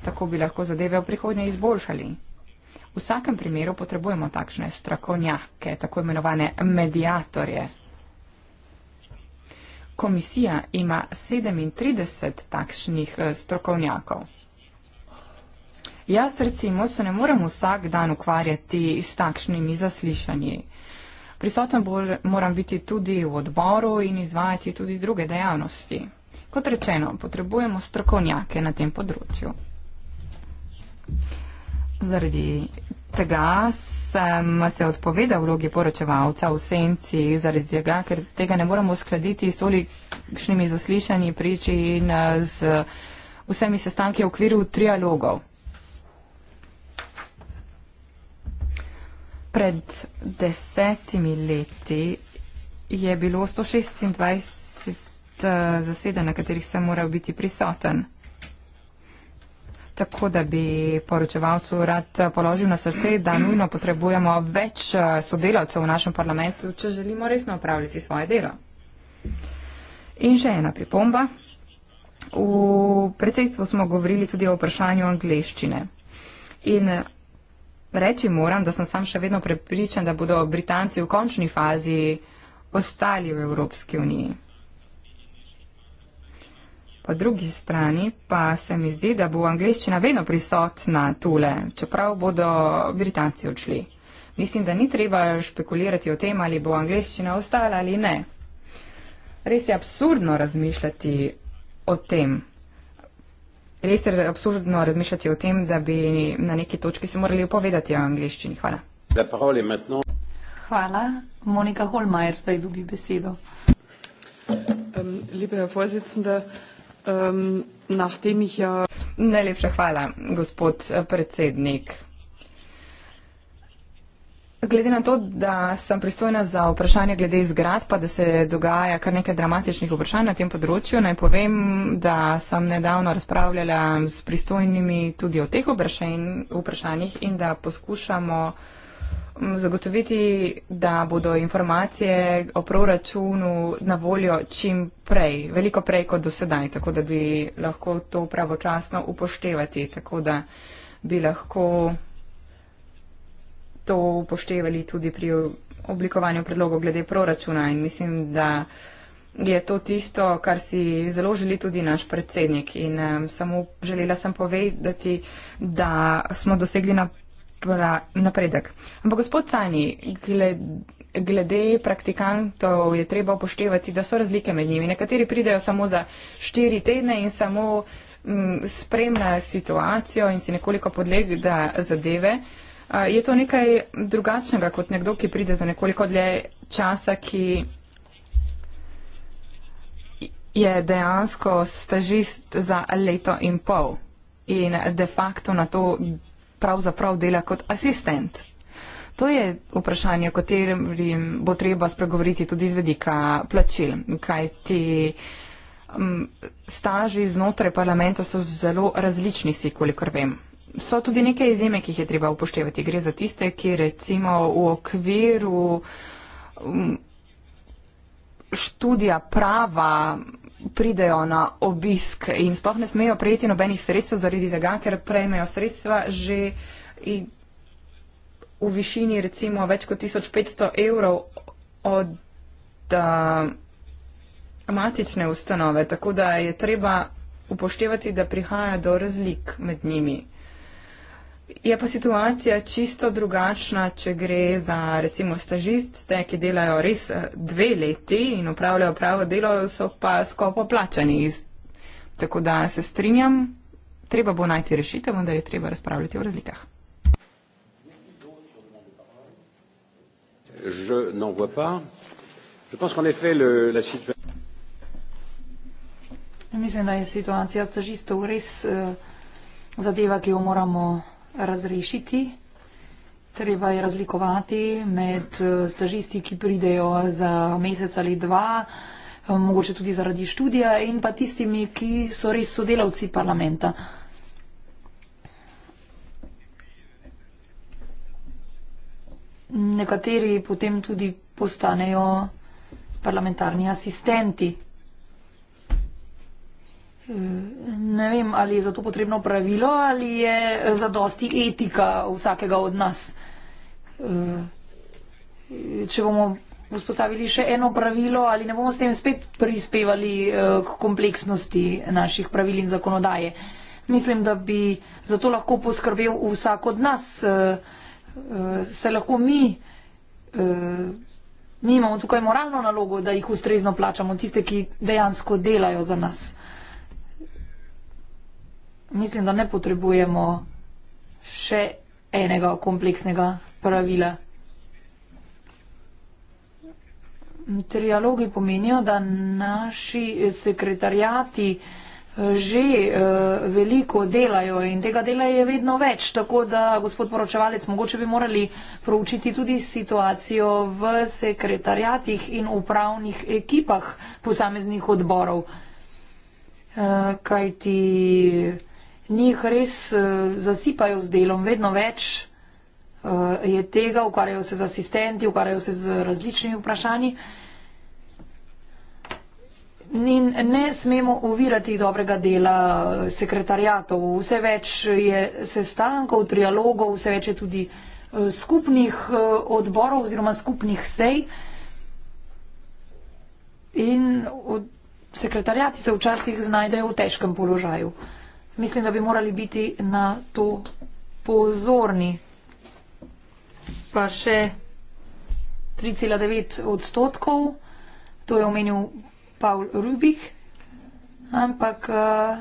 Tako bi lahko zadeve v prihodnje izboljšali. V vsakem primeru potrebujemo takšne strokovnjake, tako imenovane medijatorje. Komisija ima 37 takšnih eh, strokovnjakov. Jaz recimo se ne morem vsak dan ukvarjati s takšnimi zaslišanji. Prisoten bolj moram biti tudi v odboru in izvajati tudi druge dejavnosti. Kot rečeno, potrebujemo strokovnjake na tem področju. Zaradi tega sem se odpovedal vlogi poročevalca v senci, zaradi tega, ker tega ne moremo skladiti s tolikšnimi zaslišanji priči in z vsemi sestanki v okviru trialogov. pred desetimi leti je bilo 126 eh, zaseden, na katerih sem moral biti prisoten. Tako da bi poročevalcu rad eh, položil na srce, da nujno potrebujemo več eh, sodelavcev v našem parlamentu, če želimo resno upravljati svoje delo. In še ena pripomba. V predsedstvu smo govorili tudi o vprašanju angleščine. In reči moram, da sem sam še vedno prepričan, da bodo Britanci v končni fazi ostali v Evropski uniji. Po drugi strani pa se mi zdi, da bo angliščina vedno prisotna tule, čeprav bodo Britanci odšli. Mislim, da ni treba špekulirati o tem, ali bo angliščina ostala ali ne. Res je absurdno razmišljati o tem. Res je absurdno razmišljati o tem, da bi na neki točki se morali upovedati o angliščini. Hvala. Hvala. Monika Holmajer, zdaj dobi besedo. Um, Najlepša hvala, gospod eh, predsednik. Glede na to, da sem pristojna za vprašanje glede izgrad, pa da se dogaja kar nekaj dramatičnih vprašanj na tem področju, naj povem, da sem nedavno razpravljala s pristojnimi tudi o teh vprašanjih in da poskušamo mm, zagotoviti, da bodo informacije o proračunu na voljo čim prej, veliko prej kot do sedaj, tako da bi lahko to pravočasno upoštevati, tako da bi lahko to upoštevali tudi pri oblikovanju predlogov glede proračuna in mislim, da je to tisto, kar si zelo želi tudi naš predsednik. In um, samo želela sem povedati, da smo dosegli napra, napredek. Ampak gospod Cani, gled, glede praktikantov je treba upoštevati, da so razlike med njimi. Nekateri pridejo samo za štiri tedne in samo mm, spremljajo situacijo in si nekoliko podlegajo zadeve. Uh, Je to nekaj drugačnega kot nekdo, ki pride za nekoliko dlje časa, ki je dejansko stažist za leto in pol in de facto na to pravzaprav dela kot asistent. To je vprašanje, o katerem bo treba spregovoriti tudi z vedika plačil, kaj ti staži znotraj parlamenta so zelo različni, si kolikor vem so tudi neke izjeme, ki jih je treba upoštevati. Gre za tiste, ki recimo v okviru mm, študija prava pridejo na obisk in sploh ne smejo prejeti nobenih sredstev zaradi tega, ker prejmejo sredstva že v višini recimo več kot 1500 evrov od uh, matične ustanove. Tako da je treba upoštevati, da prihaja do razlik med njimi. Je pa situacija čisto drugačna, če gre za recimo stažiste, ki delajo res eh, dve leti in upravljajo pravo delo, so pa skopo plačani. Tako da se strinjam, treba bo najti rešitev, vendar je treba razpravljati o razlikah. Mislim, da je situacija stažistov res eh, zadeva, ki jo moramo razrešiti. Treba je razlikovati med eh, stažisti, ki pridejo za mesec ali dva, eh, mogoče tudi zaradi študija, in pa tistimi, ki so res sodelavci parlamenta. Nekateri potem tudi postanejo parlamentarni asistenti. Ne vem, ali je za to potrebno pravilo ali je za dosti etika vsakega od nas. Eh, če bomo vzpostavili še eno pravilo ali ne bomo s tem spet prispevali eh, k kompleksnosti naših pravil in zakonodaje. Mislim, da bi za to lahko poskrbel vsak od nas. Eh, se lahko mi, mi imamo tukaj moralno nalogo, da jih ustrezno plačamo, tiste, ki dejansko delajo za nas mislim, da ne potrebujemo še enega kompleksnega pravila. Trialogi pomenijo, da naši sekretarjati eh, že eh, veliko delajo in tega dela je vedno več, tako da, gospod poročevalec, mogoče bi morali proučiti tudi situacijo v sekretarjatih in upravnih ekipah posameznih odborov. Eh, Kaj ti njih res uh, zasipajo z delom, vedno več uh, je tega, ukvarjajo se z asistenti, ukvarjajo se z različnimi vprašanji. In ne smemo ovirati dobrega dela eh, sekretarjatov. Vse več je sestankov, trialogov, vse več je tudi skupnih odborov oziroma skupnih sej. In sekretarjati se včasih znajdejo v težkem položaju mislim, da bi morali biti na to pozorni. Pa še 3,9 odstotkov, to je omenil Paul Rubik, ampak eh,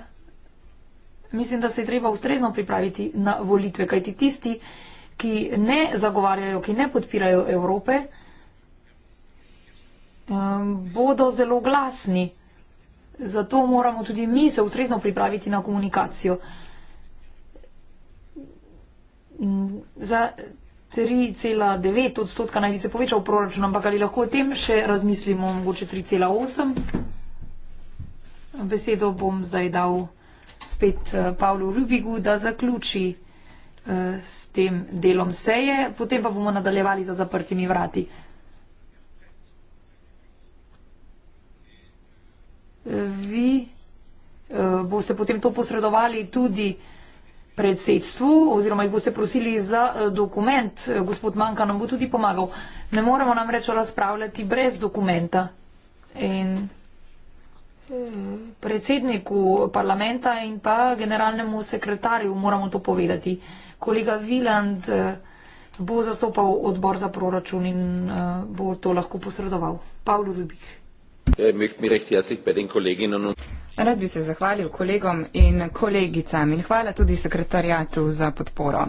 mislim, da se je treba ustrezno pripraviti na volitve, kajti tisti, ki ne zagovarjajo, ki ne podpirajo Evrope, eh, bodo zelo glasni. Zato moramo tudi mi se ustrezno pripraviti na komunikacijo. Za 3,9 odstotka naj bi se povečal proračun, ampak ali lahko o tem še razmislimo, mogoče 3,8. Besedo bom zdaj dal spet eh, Pavlu Rubigu, da zaključi eh, s tem delom seje, potem pa bomo nadaljevali za zaprtimi vrati. vi eh, boste potem to posredovali tudi predsedstvu oziroma jih boste prosili za eh, dokument. Eh, gospod Manka nam bo tudi pomagal. Ne moremo nam reči razpravljati brez dokumenta. In predsedniku parlamenta in pa generalnemu sekretarju moramo to povedati. Kolega Viland bo zastopal odbor za proračun in bo to lahko posredoval. Pavlo Ljubih. Eh, Rad bi se zahvalil kolegom in kolegicam in hvala tudi sekretarjatu za podporo.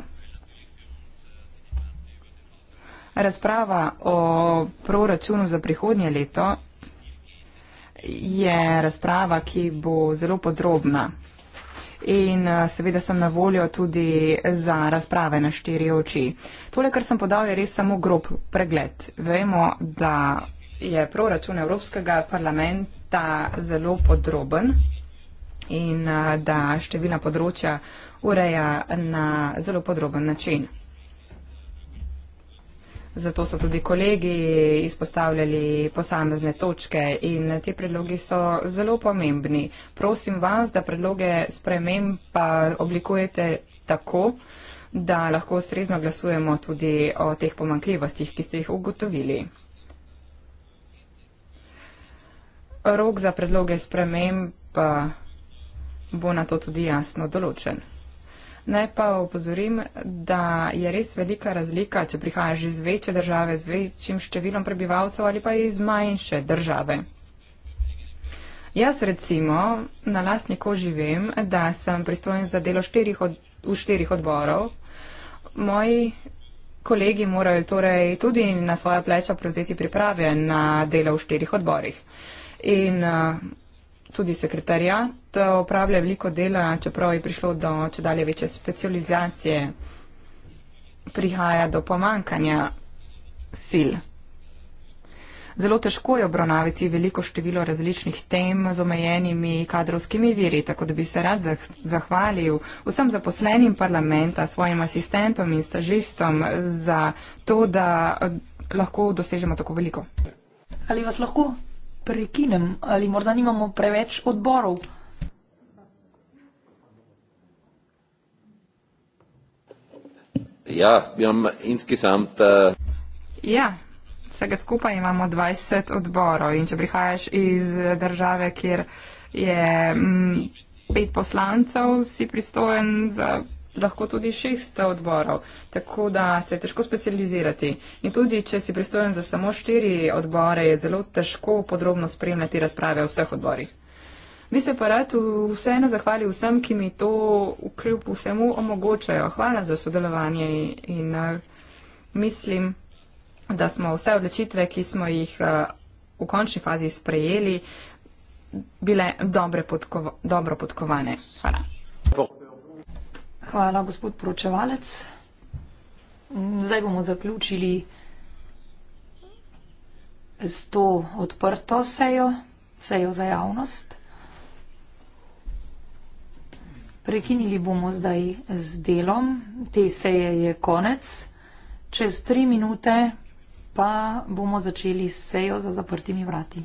Razprava o proračunu za prihodnje leto je razprava, ki bo zelo podrobna. In eh, seveda sem na voljo tudi za razprave na štiri oči. Tole, kar sem podal, je res samo grob pregled. Vemo, da je proračun Evropskega parlamenta zelo podroben in eh, da številna področja ureja na zelo podroben način. Zato so tudi kolegi izpostavljali posamezne točke in ti predlogi so zelo pomembni. Prosim vas, da predloge sprejmem pa oblikujete tako, da lahko ustrezno glasujemo tudi o teh pomankljivostih, ki ste jih ugotovili. rok za predloge sprememb eh, bo na to tudi jasno določen. Naj pa opozorim, da je res velika razlika, če prihajaš iz večje države z večjim številom prebivalcev ali pa iz manjše države. Jaz recimo na lastni koži vem, da sem pristojen za delo štirih od, v štirih odborov. Moji kolegi morajo torej tudi na svoja pleča prevzeti priprave na delo v štirih odborih in eh, tudi sekretarjat eh, opravlja veliko dela, čeprav je prišlo do če dalje večje specializacije, prihaja do pomankanja sil. Zelo težko je obravnaviti veliko število različnih tem z omejenimi kadrovskimi viri, tako da bi se rad zahvalil vsem zaposlenim parlamenta, svojim asistentom in stažistom za to, da eh, lahko dosežemo tako veliko. Ali vas lahko prekinem ali morda nimamo preveč odborov. Ja, imam inski samt. Eh, ja, vsega skupaj imamo 20 odborov in če prihajaš iz države, kjer je m, mm, pet poslancev, si pristojen za lahko tudi šest odborov, tako da se je težko specializirati. In tudi, če si pristojen za samo štiri odbore, je zelo težko podrobno spremljati razprave v vseh odborih. Bi se pa rad vseeno zahvalil vsem, ki mi to vkljub vsemu omogočajo. Hvala za sodelovanje in uh, mislim, da smo vse odločitve, ki smo jih uh, v končni fazi sprejeli, bile dobro podkovane. Hvala. Hvala, gospod poročevalec. Zdaj bomo zaključili s to odprto sejo, sejo za javnost. Prekinili bomo zdaj z delom, te seje je konec. Čez tri minute pa bomo začeli s sejo za zaprtimi vrati.